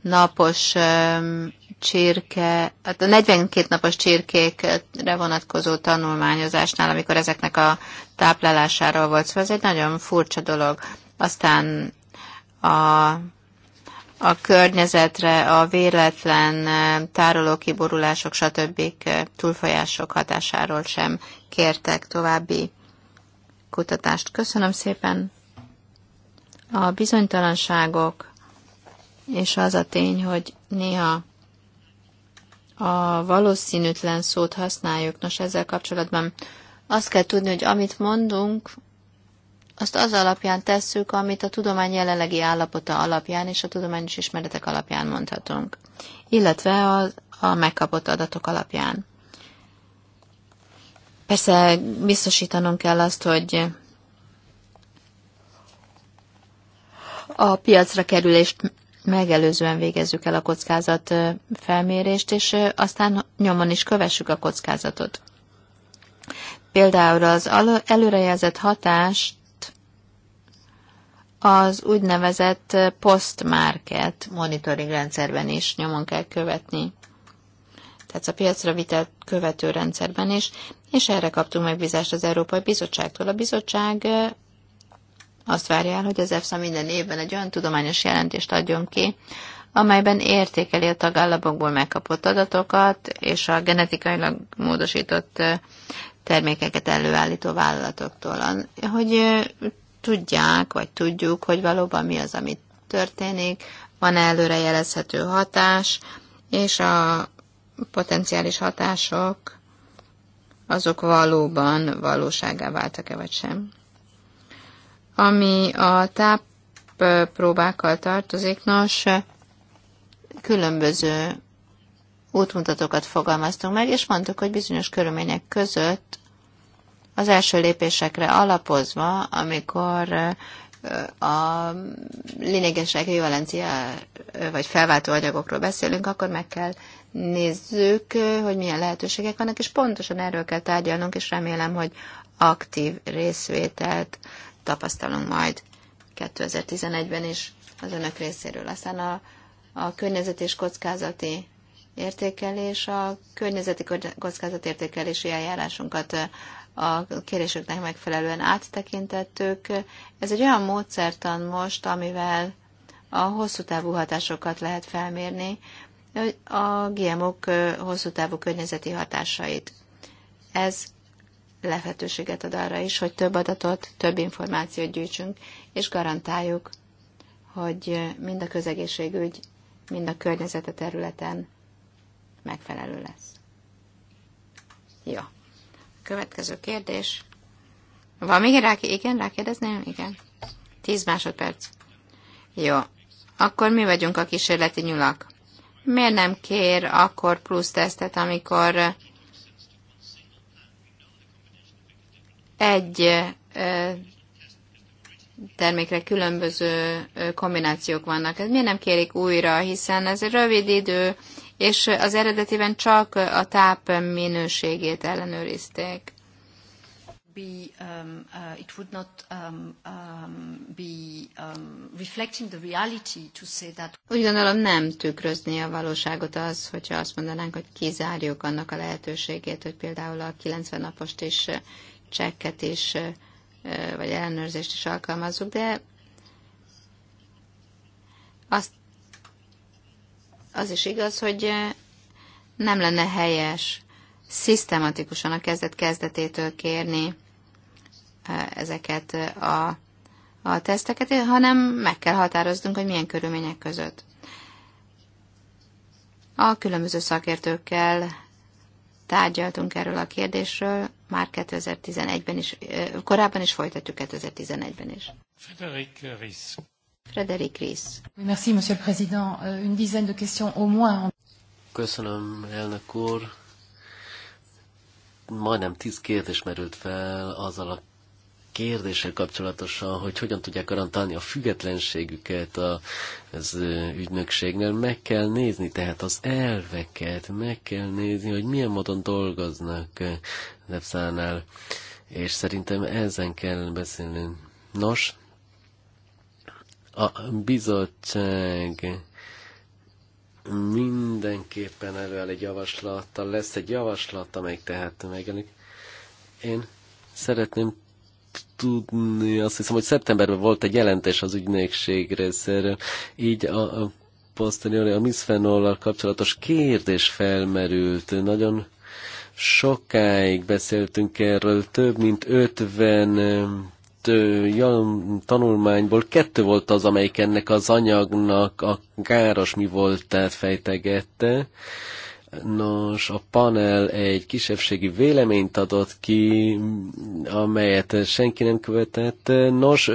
napos csirke, hát a 42 napos csirkékre vonatkozó tanulmányozásnál, amikor ezeknek a táplálásáról volt szó, szóval ez egy nagyon furcsa dolog. Aztán a, a környezetre, a véletlen tárolókiborulások, stb. túlfolyások hatásáról sem kértek további kutatást. Köszönöm szépen! A bizonytalanságok és az a tény, hogy néha a valószínűtlen szót használjuk. Nos, ezzel kapcsolatban azt kell tudni, hogy amit mondunk, azt az alapján tesszük, amit a tudomány jelenlegi állapota alapján és a tudományos ismeretek alapján mondhatunk, illetve a, a megkapott adatok alapján. Persze biztosítanunk kell azt, hogy a piacra kerülést megelőzően végezzük el a kockázat felmérést, és aztán nyomon is kövessük a kockázatot. Például az előrejelzett hatást az úgynevezett postmarket monitoring rendszerben is nyomon kell követni. Tehát a piacra vitelt követő rendszerben is, és erre kaptunk megbízást az Európai Bizottságtól. A bizottság azt el, hogy az EFSA minden évben egy olyan tudományos jelentést adjon ki, amelyben értékeli a tagállamokból megkapott adatokat és a genetikailag módosított termékeket előállító vállalatoktól, hogy tudják, vagy tudjuk, hogy valóban mi az, amit történik, van-e előrejelezhető hatás, és a potenciális hatások azok valóban valóságá váltak-e vagy sem. Ami a táppróbákkal tartozik, nos, különböző útmutatókat fogalmaztunk meg, és mondtuk, hogy bizonyos körülmények között az első lépésekre alapozva, amikor a lényeges ekvivalencia vagy felváltó anyagokról beszélünk, akkor meg kell nézzük, hogy milyen lehetőségek vannak, és pontosan erről kell tárgyalnunk, és remélem, hogy aktív részvételt tapasztalunk majd 2011-ben is az önök részéről. Aztán a, a környezet és kockázati értékelés, a környezeti értékelési eljárásunkat a kéréseknek megfelelően áttekintettük. Ez egy olyan módszertan most, amivel a hosszú távú hatásokat lehet felmérni, a GMO-k hosszú távú környezeti hatásait. Ez lehetőséget ad arra is, hogy több adatot, több információt gyűjtsünk, és garantáljuk, hogy mind a közegészségügy, mind a a területen megfelelő lesz. Jó. Ja. Következő kérdés. Van még rá? Igen, rákérdezném? Igen. Tíz másodperc. Jó. Akkor mi vagyunk a kísérleti nyulak. Miért nem kér akkor plusz tesztet, amikor egy termékre különböző kombinációk vannak. Ez miért nem kérik újra, hiszen ez egy rövid idő, és az eredetiben csak a táp minőségét ellenőrizték. Be, um, uh, it would not um, um, be um, reflecting the reality to say that. Úgy gondolom nem tükrözni a valóságot az, hogyha azt mondanánk, hogy kizárjuk annak a lehetőségét, hogy például a 90 napost is csekket is, vagy ellenőrzést is alkalmazzuk, de azt, az is igaz, hogy nem lenne helyes szisztematikusan a kezdet kezdetétől kérni ezeket a, a teszteket, hanem meg kell határoznunk, hogy milyen körülmények között. A különböző szakértőkkel tárgyaltunk erről a kérdésről, már 2011-ben is, korábban is folytatjuk 2011-ben is. Frederik Ries. Frederik Ries. Merci, Monsieur le Président. Euh, une dizaine de questions au moins. Köszönöm, elnök úr. Majdnem tíz kérdés merült fel azzal a kérdéssel kapcsolatosan, hogy hogyan tudják garantálni a függetlenségüket a, az ügynökségnél. Meg kell nézni tehát az elveket, meg kell nézni, hogy milyen módon dolgoznak Lepszánál, és szerintem ezen kell beszélni. Nos, a bizottság mindenképpen előáll egy javaslattal, lesz egy javaslat, amelyik tehát megjelenik. Én szeretném tudni, azt hiszem, hogy szeptemberben volt egy jelentés az ügynökség részéről, így a, a posztani, a miszfenollal kapcsolatos kérdés felmerült. Nagyon sokáig beszéltünk erről, több mint 50 tanulmányból kettő volt az, amelyik ennek az anyagnak a káros mi voltát fejtegette. Nos, a panel egy kisebbségi véleményt adott ki, amelyet senki nem követett. Nos,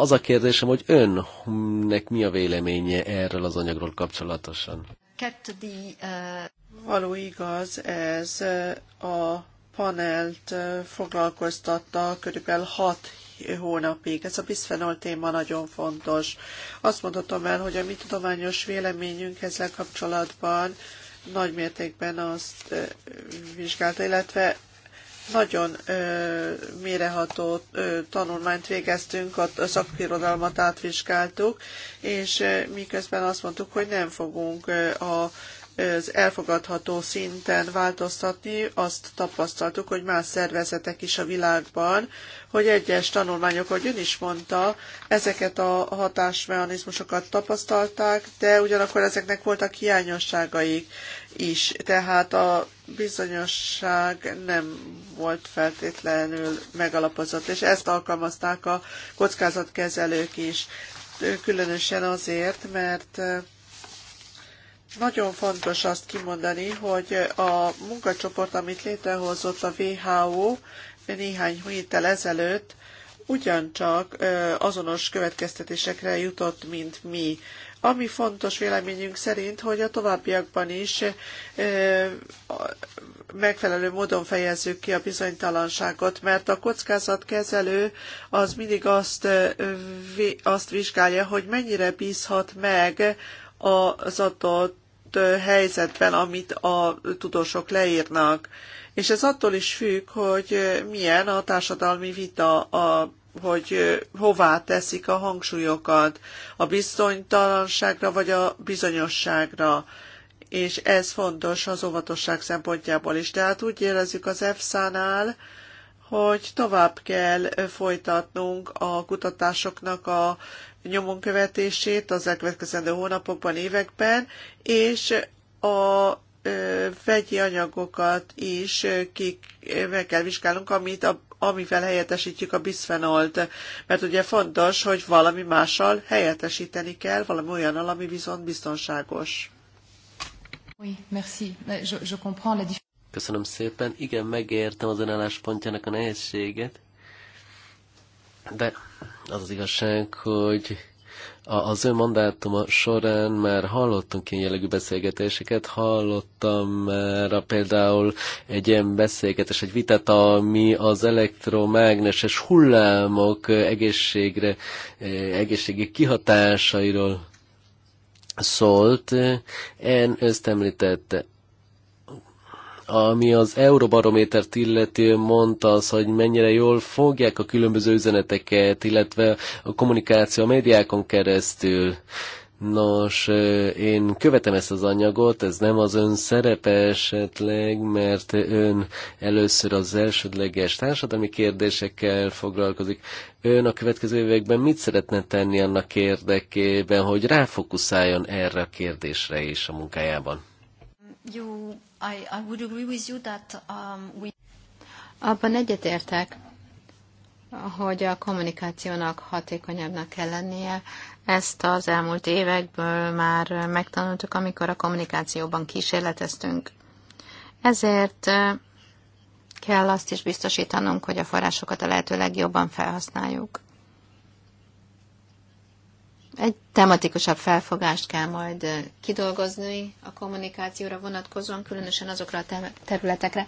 az a kérdésem, hogy önnek mi a véleménye erről az anyagról kapcsolatosan? Való igaz, ez a panelt foglalkoztatta körülbelül 6 hónapig. Ez a bisphenol téma nagyon fontos. Azt mondhatom el, hogy a mi tudományos véleményünk ezzel kapcsolatban nagy mértékben azt vizsgálta, illetve nagyon ö, méreható ö, tanulmányt végeztünk, a, a szakirodalmat átvizsgáltuk, és ö, miközben azt mondtuk, hogy nem fogunk ö, a az elfogadható szinten változtatni, azt tapasztaltuk, hogy más szervezetek is a világban, hogy egyes tanulmányok, ahogy ön is mondta, ezeket a hatásmechanizmusokat tapasztalták, de ugyanakkor ezeknek voltak hiányosságaik is, tehát a bizonyosság nem volt feltétlenül megalapozott, és ezt alkalmazták a kockázatkezelők is, különösen azért, mert nagyon fontos azt kimondani, hogy a munkacsoport, amit létrehozott a WHO néhány héttel ezelőtt, ugyancsak azonos következtetésekre jutott, mint mi. Ami fontos véleményünk szerint, hogy a továbbiakban is megfelelő módon fejezzük ki a bizonytalanságot, mert a kockázatkezelő az mindig azt, azt vizsgálja, hogy mennyire bízhat meg az adott helyzetben, amit a tudósok leírnak. És ez attól is függ, hogy milyen a társadalmi vita, a, hogy hová teszik a hangsúlyokat, a bizonytalanságra vagy a bizonyosságra és ez fontos az óvatosság szempontjából is. Tehát úgy érezzük az EFSA-nál, hogy tovább kell folytatnunk a kutatásoknak a nyomon követését az elkövetkezendő hónapokban, években, és a vegyi anyagokat is ki, meg kell vizsgálnunk, amit a, amivel helyettesítjük a bisphenol mert ugye fontos, hogy valami mással helyettesíteni kell, valami olyan, ami viszont biztonságos. Oui, merci. Je, je comprends la Köszönöm szépen. Igen, megértem az önálláspontjának a nehézséget, de az az igazság, hogy a, az ő mandátuma során már hallottunk ilyen jellegű beszélgetéseket, hallottam már például egy ilyen beszélgetés, egy vitát, ami az elektromágneses hullámok egészségre, eh, egészségi kihatásairól szólt. Én ezt említette ami az Eurobarométert illeti, mondta az, hogy mennyire jól fogják a különböző üzeneteket, illetve a kommunikáció a médiákon keresztül. Nos, én követem ezt az anyagot, ez nem az ön szerepe esetleg, mert ön először az elsődleges társadalmi kérdésekkel foglalkozik. Ön a következő években mit szeretne tenni annak érdekében, hogy ráfokuszáljon erre a kérdésre is a munkájában? Jó. I, I would agree with you that um, we... Abban egyetértek, hogy a kommunikációnak hatékonyabbnak kell lennie. Ezt az elmúlt évekből már megtanultuk, amikor a kommunikációban kísérleteztünk. Ezért kell azt is biztosítanunk, hogy a forrásokat a lehető legjobban felhasználjuk. Egy tematikusabb felfogást kell majd kidolgozni a kommunikációra vonatkozóan, különösen azokra a területekre,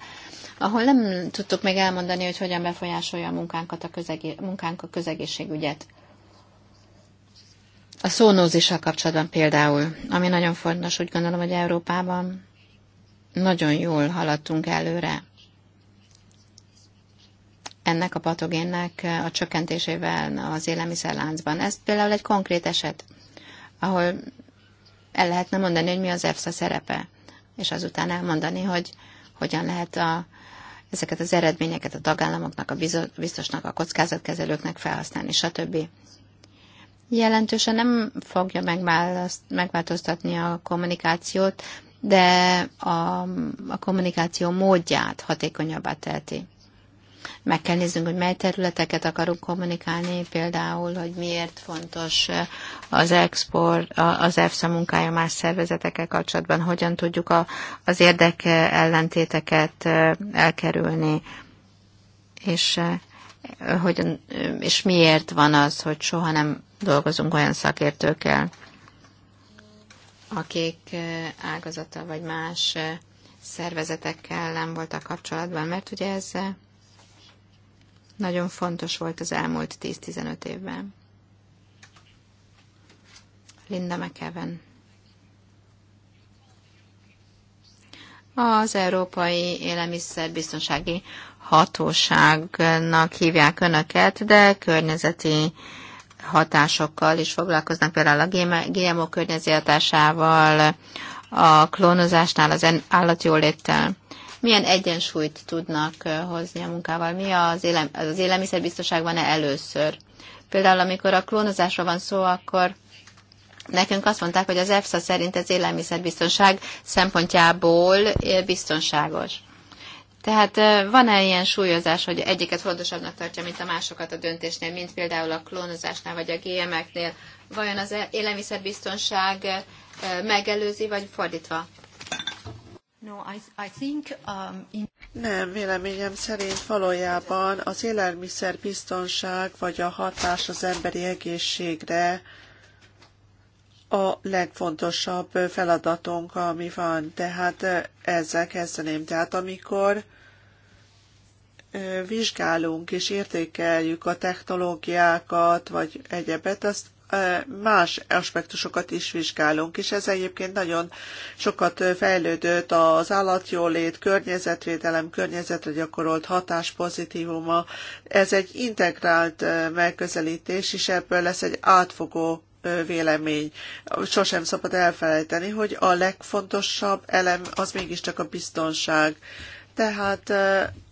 ahol nem tudtuk még elmondani, hogy hogyan befolyásolja a munkánkat a közegé- munkánk a közegészségügyet. A szónózissal kapcsolatban például, ami nagyon fontos, úgy gondolom, hogy Európában nagyon jól haladtunk előre ennek a patogénnek a csökkentésével az élelmiszerláncban. Ez például egy konkrét eset, ahol el lehetne mondani, hogy mi az EFSA szerepe, és azután elmondani, hogy hogyan lehet a, ezeket az eredményeket a tagállamoknak, a biztosnak, a kockázatkezelőknek felhasználni, stb. Jelentősen nem fogja megváltoztatni a kommunikációt, de a, a kommunikáció módját hatékonyabbá teheti meg kell néznünk, hogy mely területeket akarunk kommunikálni, például, hogy miért fontos eh, az export, az EFSA munkája más szervezetekkel kapcsolatban, hogyan tudjuk a, az érdeke ellentéteket eh, elkerülni, és, eh, hogyan, és miért van az, hogy soha nem dolgozunk olyan szakértőkkel, akik ágazata vagy más szervezetekkel nem voltak kapcsolatban, mert ugye ez nagyon fontos volt az elmúlt 10-15 évben. Linda McEwen. Az Európai Élelmiszerbiztonsági Hatóságnak hívják önöket, de környezeti hatásokkal is foglalkoznak, például a GMO környezeti hatásával, a klónozásnál, az állatjóléttel milyen egyensúlyt tudnak hozni a munkával. Mi az, élem, az e először? Például, amikor a klónozásra van szó, akkor nekünk azt mondták, hogy az EFSA szerint az élelmiszerbiztonság szempontjából biztonságos. Tehát van-e ilyen súlyozás, hogy egyiket fontosabbnak tartja, mint a másokat a döntésnél, mint például a klónozásnál vagy a GM-eknél? Vajon az élelmiszerbiztonság megelőzi, vagy fordítva Um, Nem, véleményem szerint valójában az élelmiszer biztonság vagy a hatás az emberi egészségre a legfontosabb feladatunk, ami van. Tehát ezzel kezdeném. Tehát amikor vizsgálunk és értékeljük a technológiákat, vagy egyebet, azt más aspektusokat is vizsgálunk, és ez egyébként nagyon sokat fejlődött az állatjólét, környezetvédelem, környezetre gyakorolt hatás pozitívuma. Ez egy integrált megközelítés, és ebből lesz egy átfogó vélemény. Sosem szabad elfelejteni, hogy a legfontosabb elem az mégiscsak a biztonság. Tehát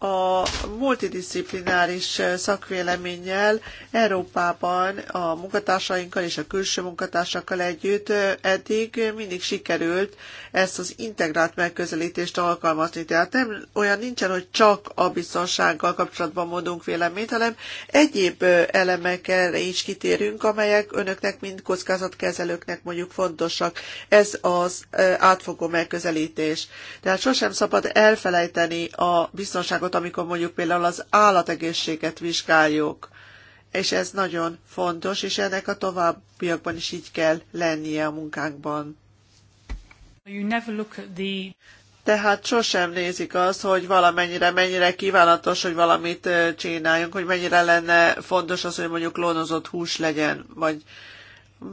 a multidisziplináris eh, szakvéleménnyel Európában a munkatársainkkal és a külső munkatársakkal együtt eh, eddig mindig sikerült ezt az integrált megközelítést alkalmazni. Tehát nem olyan nincsen, hogy csak a biztonsággal kapcsolatban mondunk véleményt, hanem egyéb eh, elemekkel is kitérünk, amelyek önöknek, mind kockázatkezelőknek mondjuk fontosak. Ez az átfogó megközelítés. Tehát sosem szabad elfelejteni a biztonságot dolgot, amikor mondjuk például az állategészséget vizsgáljuk. És ez nagyon fontos, és ennek a továbbiakban is így kell lennie a munkánkban. Tehát sosem nézik azt, hogy valamennyire, mennyire kívánatos, hogy valamit csináljunk, hogy mennyire lenne fontos az, hogy mondjuk klónozott hús legyen, vagy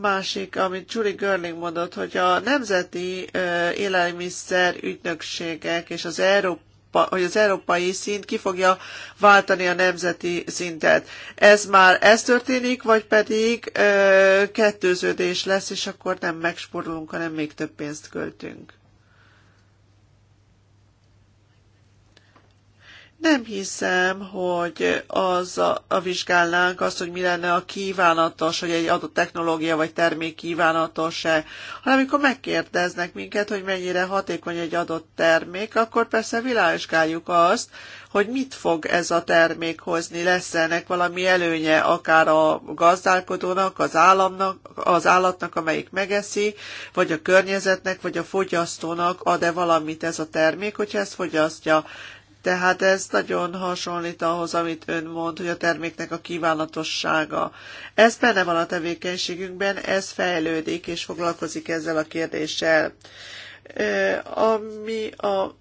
másik, amit Julie Görling mondott, hogy a nemzeti élelmiszer ügynökségek és az Európa Európa, hogy az európai szint ki fogja váltani a nemzeti szintet. Ez már ez történik, vagy pedig ö, kettőződés lesz, és akkor nem megspórolunk, hanem még több pénzt költünk. Nem hiszem, hogy az a, a vizsgálnánk azt, hogy mi lenne a kívánatos, hogy egy adott technológia vagy termék kívánatos-e, hanem amikor megkérdeznek minket, hogy mennyire hatékony egy adott termék, akkor persze világosgáljuk azt, hogy mit fog ez a termék hozni, lesz ennek valami előnye akár a gazdálkodónak, az államnak, az állatnak, amelyik megeszi, vagy a környezetnek, vagy a fogyasztónak ad-e valamit ez a termék, hogyha ezt fogyasztja. Tehát ez nagyon hasonlít ahhoz, amit ön mond, hogy a terméknek a kívánatossága. Ez benne van a tevékenységünkben, ez fejlődik és foglalkozik ezzel a kérdéssel. Ami a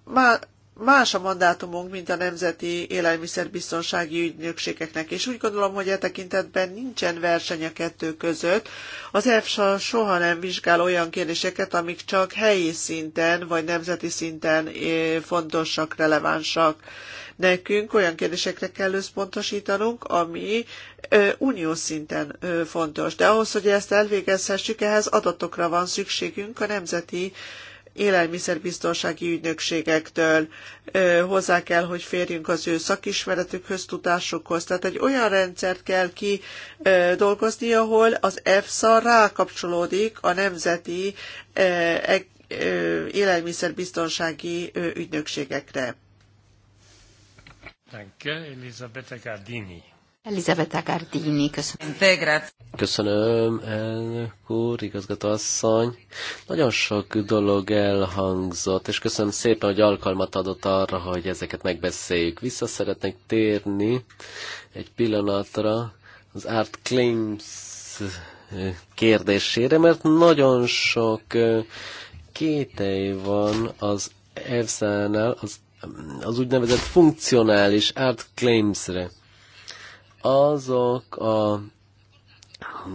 más a mandátumunk, mint a nemzeti élelmiszerbiztonsági ügynökségeknek, és úgy gondolom, hogy e tekintetben nincsen verseny a kettő között. Az EFSA soha nem vizsgál olyan kérdéseket, amik csak helyi szinten vagy nemzeti szinten eh, fontosak, relevánsak. Nekünk olyan kérdésekre kell összpontosítanunk, ami uniós szinten fontos. De ahhoz, hogy ezt elvégezhessük, ehhez adatokra van szükségünk a nemzeti élelmiszerbiztonsági ügynökségektől, hozzá kell, hogy férjünk az ő szakismeretükhöz, tudásukhoz. Tehát egy olyan rendszert kell ki dolgozni, ahol az EFSA rákapcsolódik a nemzeti e, élelmiszerbiztonsági ügynökségekre. Danke, Gardini. Elizabeth Gardini, köszönöm. Köszönöm, elnök úr, asszony. Nagyon sok dolog elhangzott, és köszönöm szépen, hogy alkalmat adott arra, hogy ezeket megbeszéljük. Vissza szeretnék térni egy pillanatra az Art Claims eh, kérdésére, mert nagyon sok eh, kétei van az EFSA-nál az, az úgynevezett funkcionális art claims-re azok a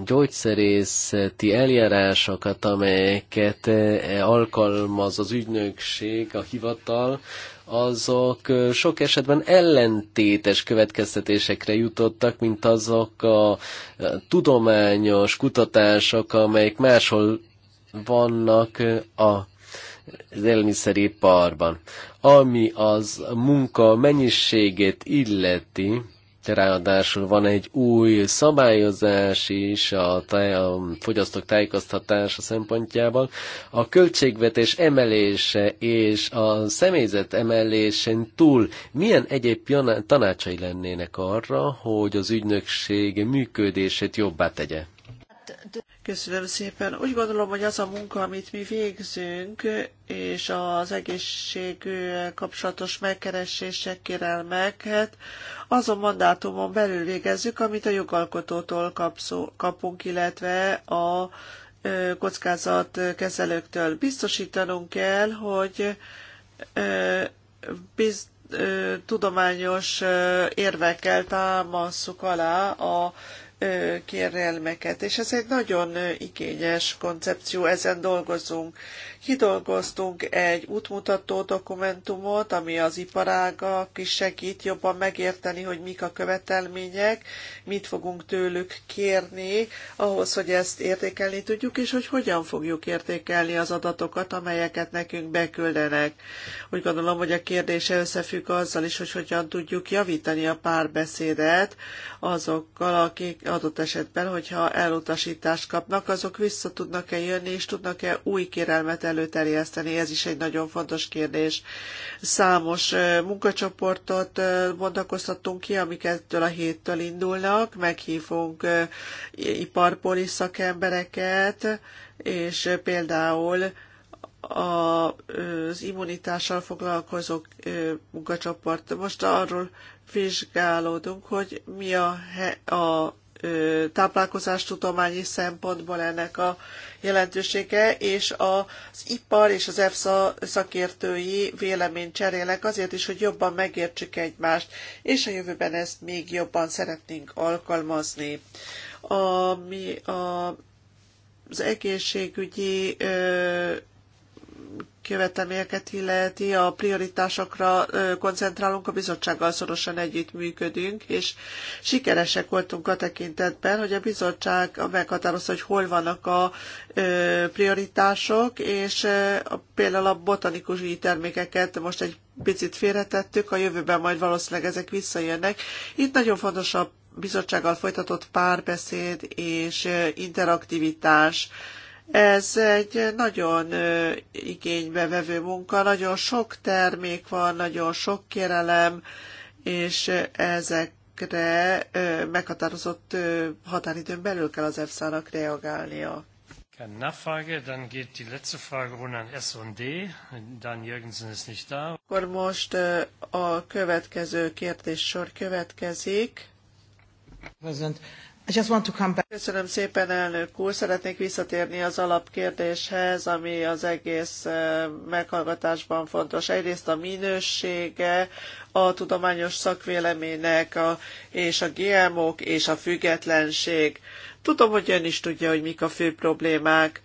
gyógyszerészeti eljárásokat, amelyeket e, alkalmaz az ügynökség, a hivatal, azok e, sok esetben ellentétes következtetésekre jutottak, mint azok a e, tudományos kutatások, amelyek máshol vannak a az élelmiszeriparban. Ami az munka mennyiségét illeti, Ráadásul van egy új szabályozás is a, táj, a fogyasztók tájékoztatása szempontjában. A költségvetés emelése és a személyzet emelésen túl milyen egyéb tanácsai lennének arra, hogy az ügynökség működését jobbá tegye? Köszönöm szépen. Úgy gondolom, hogy az a munka, amit mi végzünk, és az egészségű kapcsolatos megkeresések, kérelmeket, azon mandátumon belül végezzük, amit a jogalkotótól kapunk, illetve a kockázatkezelőktől. Biztosítanunk kell, hogy biz, tudományos érvekkel támasszuk alá a kérelmeket, és ez egy nagyon igényes koncepció, ezen dolgozunk. Kidolgoztunk egy útmutató dokumentumot, ami az iparágak is segít jobban megérteni, hogy mik a követelmények, mit fogunk tőlük kérni, ahhoz, hogy ezt értékelni tudjuk, és hogy hogyan fogjuk értékelni az adatokat, amelyeket nekünk beküldenek. Úgy gondolom, hogy a kérdése összefügg azzal is, hogy hogyan tudjuk javítani a párbeszédet azokkal, akik adott esetben, hogyha elutasítást kapnak, azok vissza tudnak-e jönni, és tudnak-e új kérelmet előterjeszteni? Ez is egy nagyon fontos kérdés. Számos munkacsoportot bontakoztattunk ki, amik ettől a héttől indulnak, meghívunk iparpoli szakembereket, és például az immunitással foglalkozó munkacsoport. Most arról vizsgálódunk, hogy mi a, he, a táplálkozástudományi szempontból ennek a jelentősége, és az ipar és az EFSA szakértői véleményt cserélnek azért is, hogy jobban megértsük egymást, és a jövőben ezt még jobban szeretnénk alkalmazni. Ami a, az egészségügyi ö, követelményeket illeti, a prioritásokra koncentrálunk, a bizottsággal szorosan együttműködünk, és sikeresek voltunk a tekintetben, hogy a bizottság meghatározta, hogy hol vannak a prioritások, és például a botanikus termékeket most egy picit félretettük, a jövőben majd valószínűleg ezek visszajönnek. Itt nagyon fontos a bizottsággal folytatott párbeszéd és interaktivitás. Ez egy nagyon igénybevevő munka, nagyon sok termék van, nagyon sok kérelem, és ezekre meghatározott határidőn belül kell az EFSA-nak reagálnia. Akkor most a következő kérdéssor következik. President, Köszönöm szépen, elnök úr. Szeretnék visszatérni az alapkérdéshez, ami az egész eh, meghallgatásban fontos. Egyrészt a minősége a tudományos szakvéleménynek, a, és a GMO-k, és a függetlenség. Tudom, hogy ön is tudja, hogy mik a fő problémák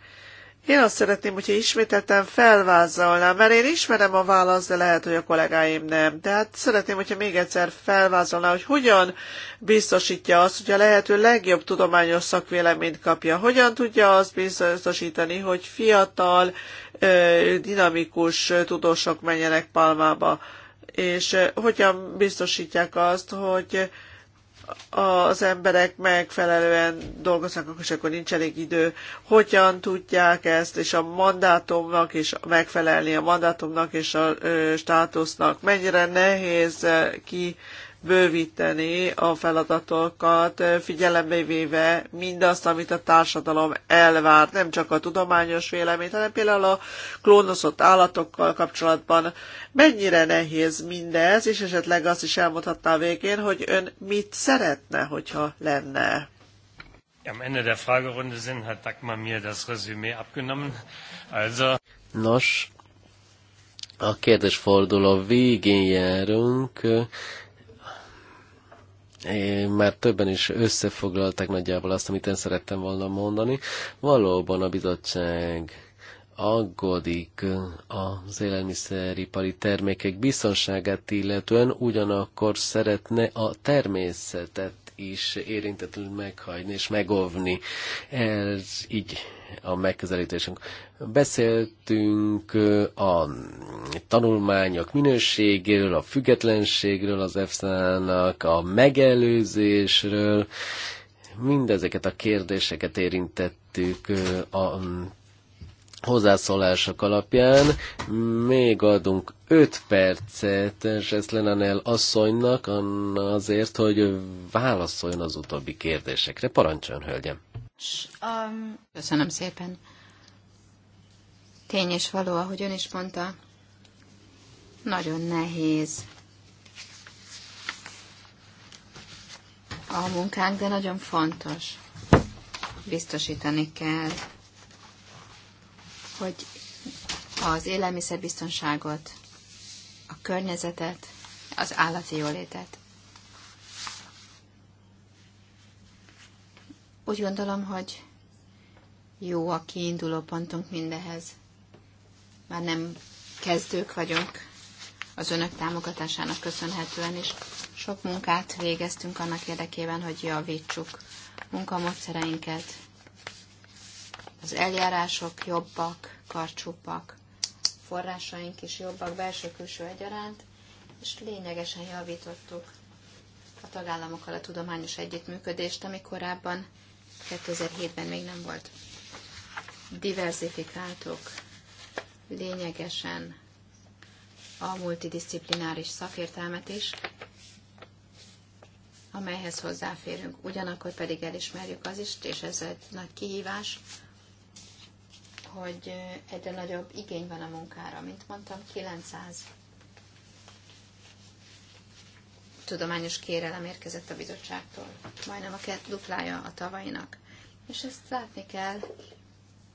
én azt szeretném, hogyha ismételten felvázolnám, mert én ismerem a választ, de lehet, hogy a kollégáim nem. Tehát szeretném, hogyha még egyszer felvázolná, hogy hogyan biztosítja azt, hogy a lehető legjobb tudományos szakvéleményt kapja. Hogyan tudja azt biztosítani, hogy fiatal, dinamikus tudósok menjenek Palmába. És hogyan biztosítják azt, hogy az emberek megfelelően dolgoznak, és akkor nincs elég idő, hogyan tudják ezt, és a mandátumnak is megfelelni, a mandátumnak és a státusznak, mennyire nehéz ki bővíteni a feladatokat, figyelembe véve mindazt, amit a társadalom elvár, nem csak a tudományos véleményt, hanem például a klónozott állatokkal kapcsolatban. Mennyire nehéz mindez, és esetleg azt is elmondhatná a végén, hogy ön mit szeretne, hogyha lenne? Am Ende der Fragerunde sind hat Dagmar mir das Resümee abgenommen. Also Nos, a kérdésforduló végén járunk. Én már többen is összefoglalták nagyjából azt, amit én szerettem volna mondani. Valóban a bizottság aggódik az élelmiszeripari termékek biztonságát illetően, ugyanakkor szeretne a természetet is érintetlenül meghagyni és megovni. Ez így a megközelítésünk. Beszéltünk a tanulmányok minőségéről, a függetlenségről az EFSA-nak, a megelőzésről, mindezeket a kérdéseket érintettük a hozzászólások alapján. Még adunk 5 percet Zseszlenanel asszonynak azért, hogy válaszoljon az utóbbi kérdésekre. Parancsoljon, hölgyem! Um, Köszönöm szépen. Tény és való, ahogy ön is mondta, nagyon nehéz a munkánk, de nagyon fontos. Biztosítani kell, hogy az élelmiszerbiztonságot, a környezetet, az állati jólétet Úgy gondolom, hogy jó a kiinduló pontunk mindehez. Már nem kezdők vagyunk az önök támogatásának köszönhetően is. Sok munkát végeztünk annak érdekében, hogy javítsuk munkamódszereinket. Az eljárások jobbak, karcsúbbak, forrásaink is jobbak belső-külső egyaránt, és lényegesen javítottuk a tagállamokkal a tudományos együttműködést, ami korábban 2007-ben még nem volt. Diversifikáltuk lényegesen a multidisciplináris szakértelmet is, amelyhez hozzáférünk. Ugyanakkor pedig elismerjük az is, és ez egy nagy kihívás, hogy egyre nagyobb igény van a munkára. Mint mondtam, 900 tudományos kérelem érkezett a bizottságtól. Majdnem a két duplája a tavainak, És ezt látni kell,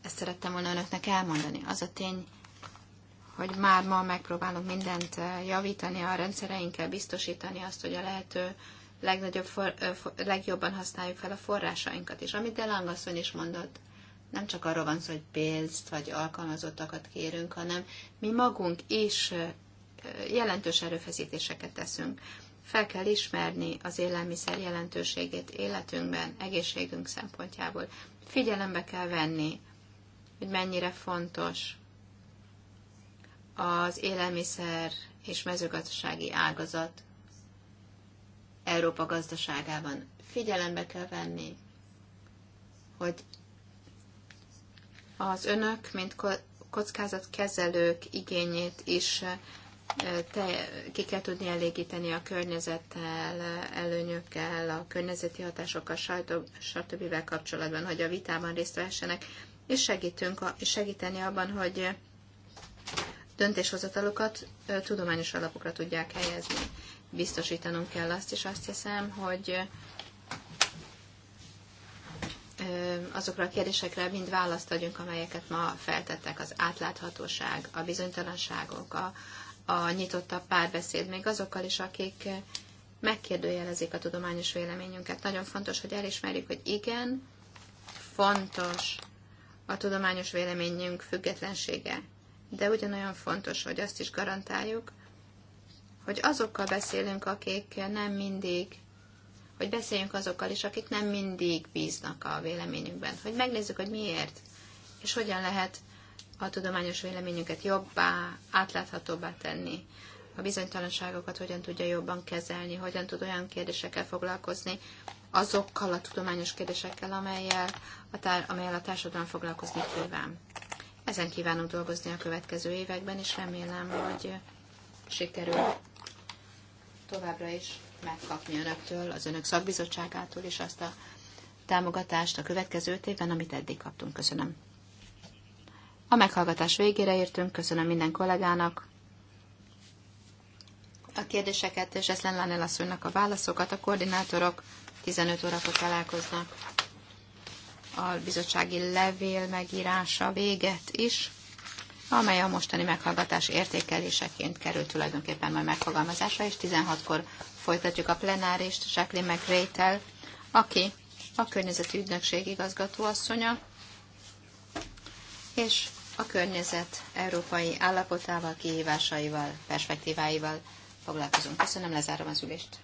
ezt szerettem volna önöknek elmondani. Az a tény, hogy már ma megpróbálunk mindent eh, javítani a rendszereinkkel, biztosítani azt, hogy a lehető legnagyobb for, eh, legjobban használjuk fel a forrásainkat. És amit Elangasszony is mondott, nem csak arról van szó, hogy pénzt vagy alkalmazottakat kérünk, hanem mi magunk is eh, jelentős erőfeszítéseket teszünk. Fel kell ismerni az élelmiszer jelentőségét életünkben, egészségünk szempontjából. Figyelembe kell venni, hogy mennyire fontos az élelmiszer és mezőgazdasági ágazat Európa gazdaságában. Figyelembe kell venni, hogy az önök, mint kockázatkezelők igényét is te, ki kell tudni elégíteni a környezettel, előnyökkel, a környezeti hatásokkal, stb. kapcsolatban, hogy a vitában részt vehessenek, és segítünk, és segíteni abban, hogy döntéshozatalukat tudományos alapokra tudják helyezni. Biztosítanunk kell azt, és azt hiszem, hogy azokra a kérdésekre mind választ adjunk, amelyeket ma feltettek, az átláthatóság, a bizonytalanságok, a, a nyitottabb párbeszéd, még azokkal is, akik megkérdőjelezik a tudományos véleményünket. Nagyon fontos, hogy elismerjük, hogy igen, fontos a tudományos véleményünk függetlensége, de ugyanolyan fontos, hogy azt is garantáljuk, hogy azokkal beszélünk, akik nem mindig, hogy beszéljünk azokkal is, akik nem mindig bíznak a véleményünkben, hogy megnézzük, hogy miért, és hogyan lehet a tudományos véleményünket jobbá, átláthatóbbá tenni, a bizonytalanságokat hogyan tudja jobban kezelni, hogyan tud olyan kérdésekkel foglalkozni, azokkal a tudományos kérdésekkel, amelyel a, tár- amelyel a társadalom foglalkozni kíván. Ezen kívánunk dolgozni a következő években, és remélem, hogy sikerül továbbra is megkapni önöktől, az önök szakbizottságától is azt a támogatást a következő évben, amit eddig kaptunk. Köszönöm. A meghallgatás végére értünk, köszönöm minden kollégának a kérdéseket, és ezt lenne asszonynak a válaszokat. A koordinátorok 15 órakor találkoznak. A bizottsági levél megírása véget is, amely a mostani meghallgatás értékeléseként került tulajdonképpen majd megfogalmazásra, és 16-kor folytatjuk a plenárist Jacqueline McRaytel, aki a környezeti ügynökség asszonya és a környezet európai állapotával, kihívásaival, perspektíváival foglalkozunk. Köszönöm, lezárom az ülést.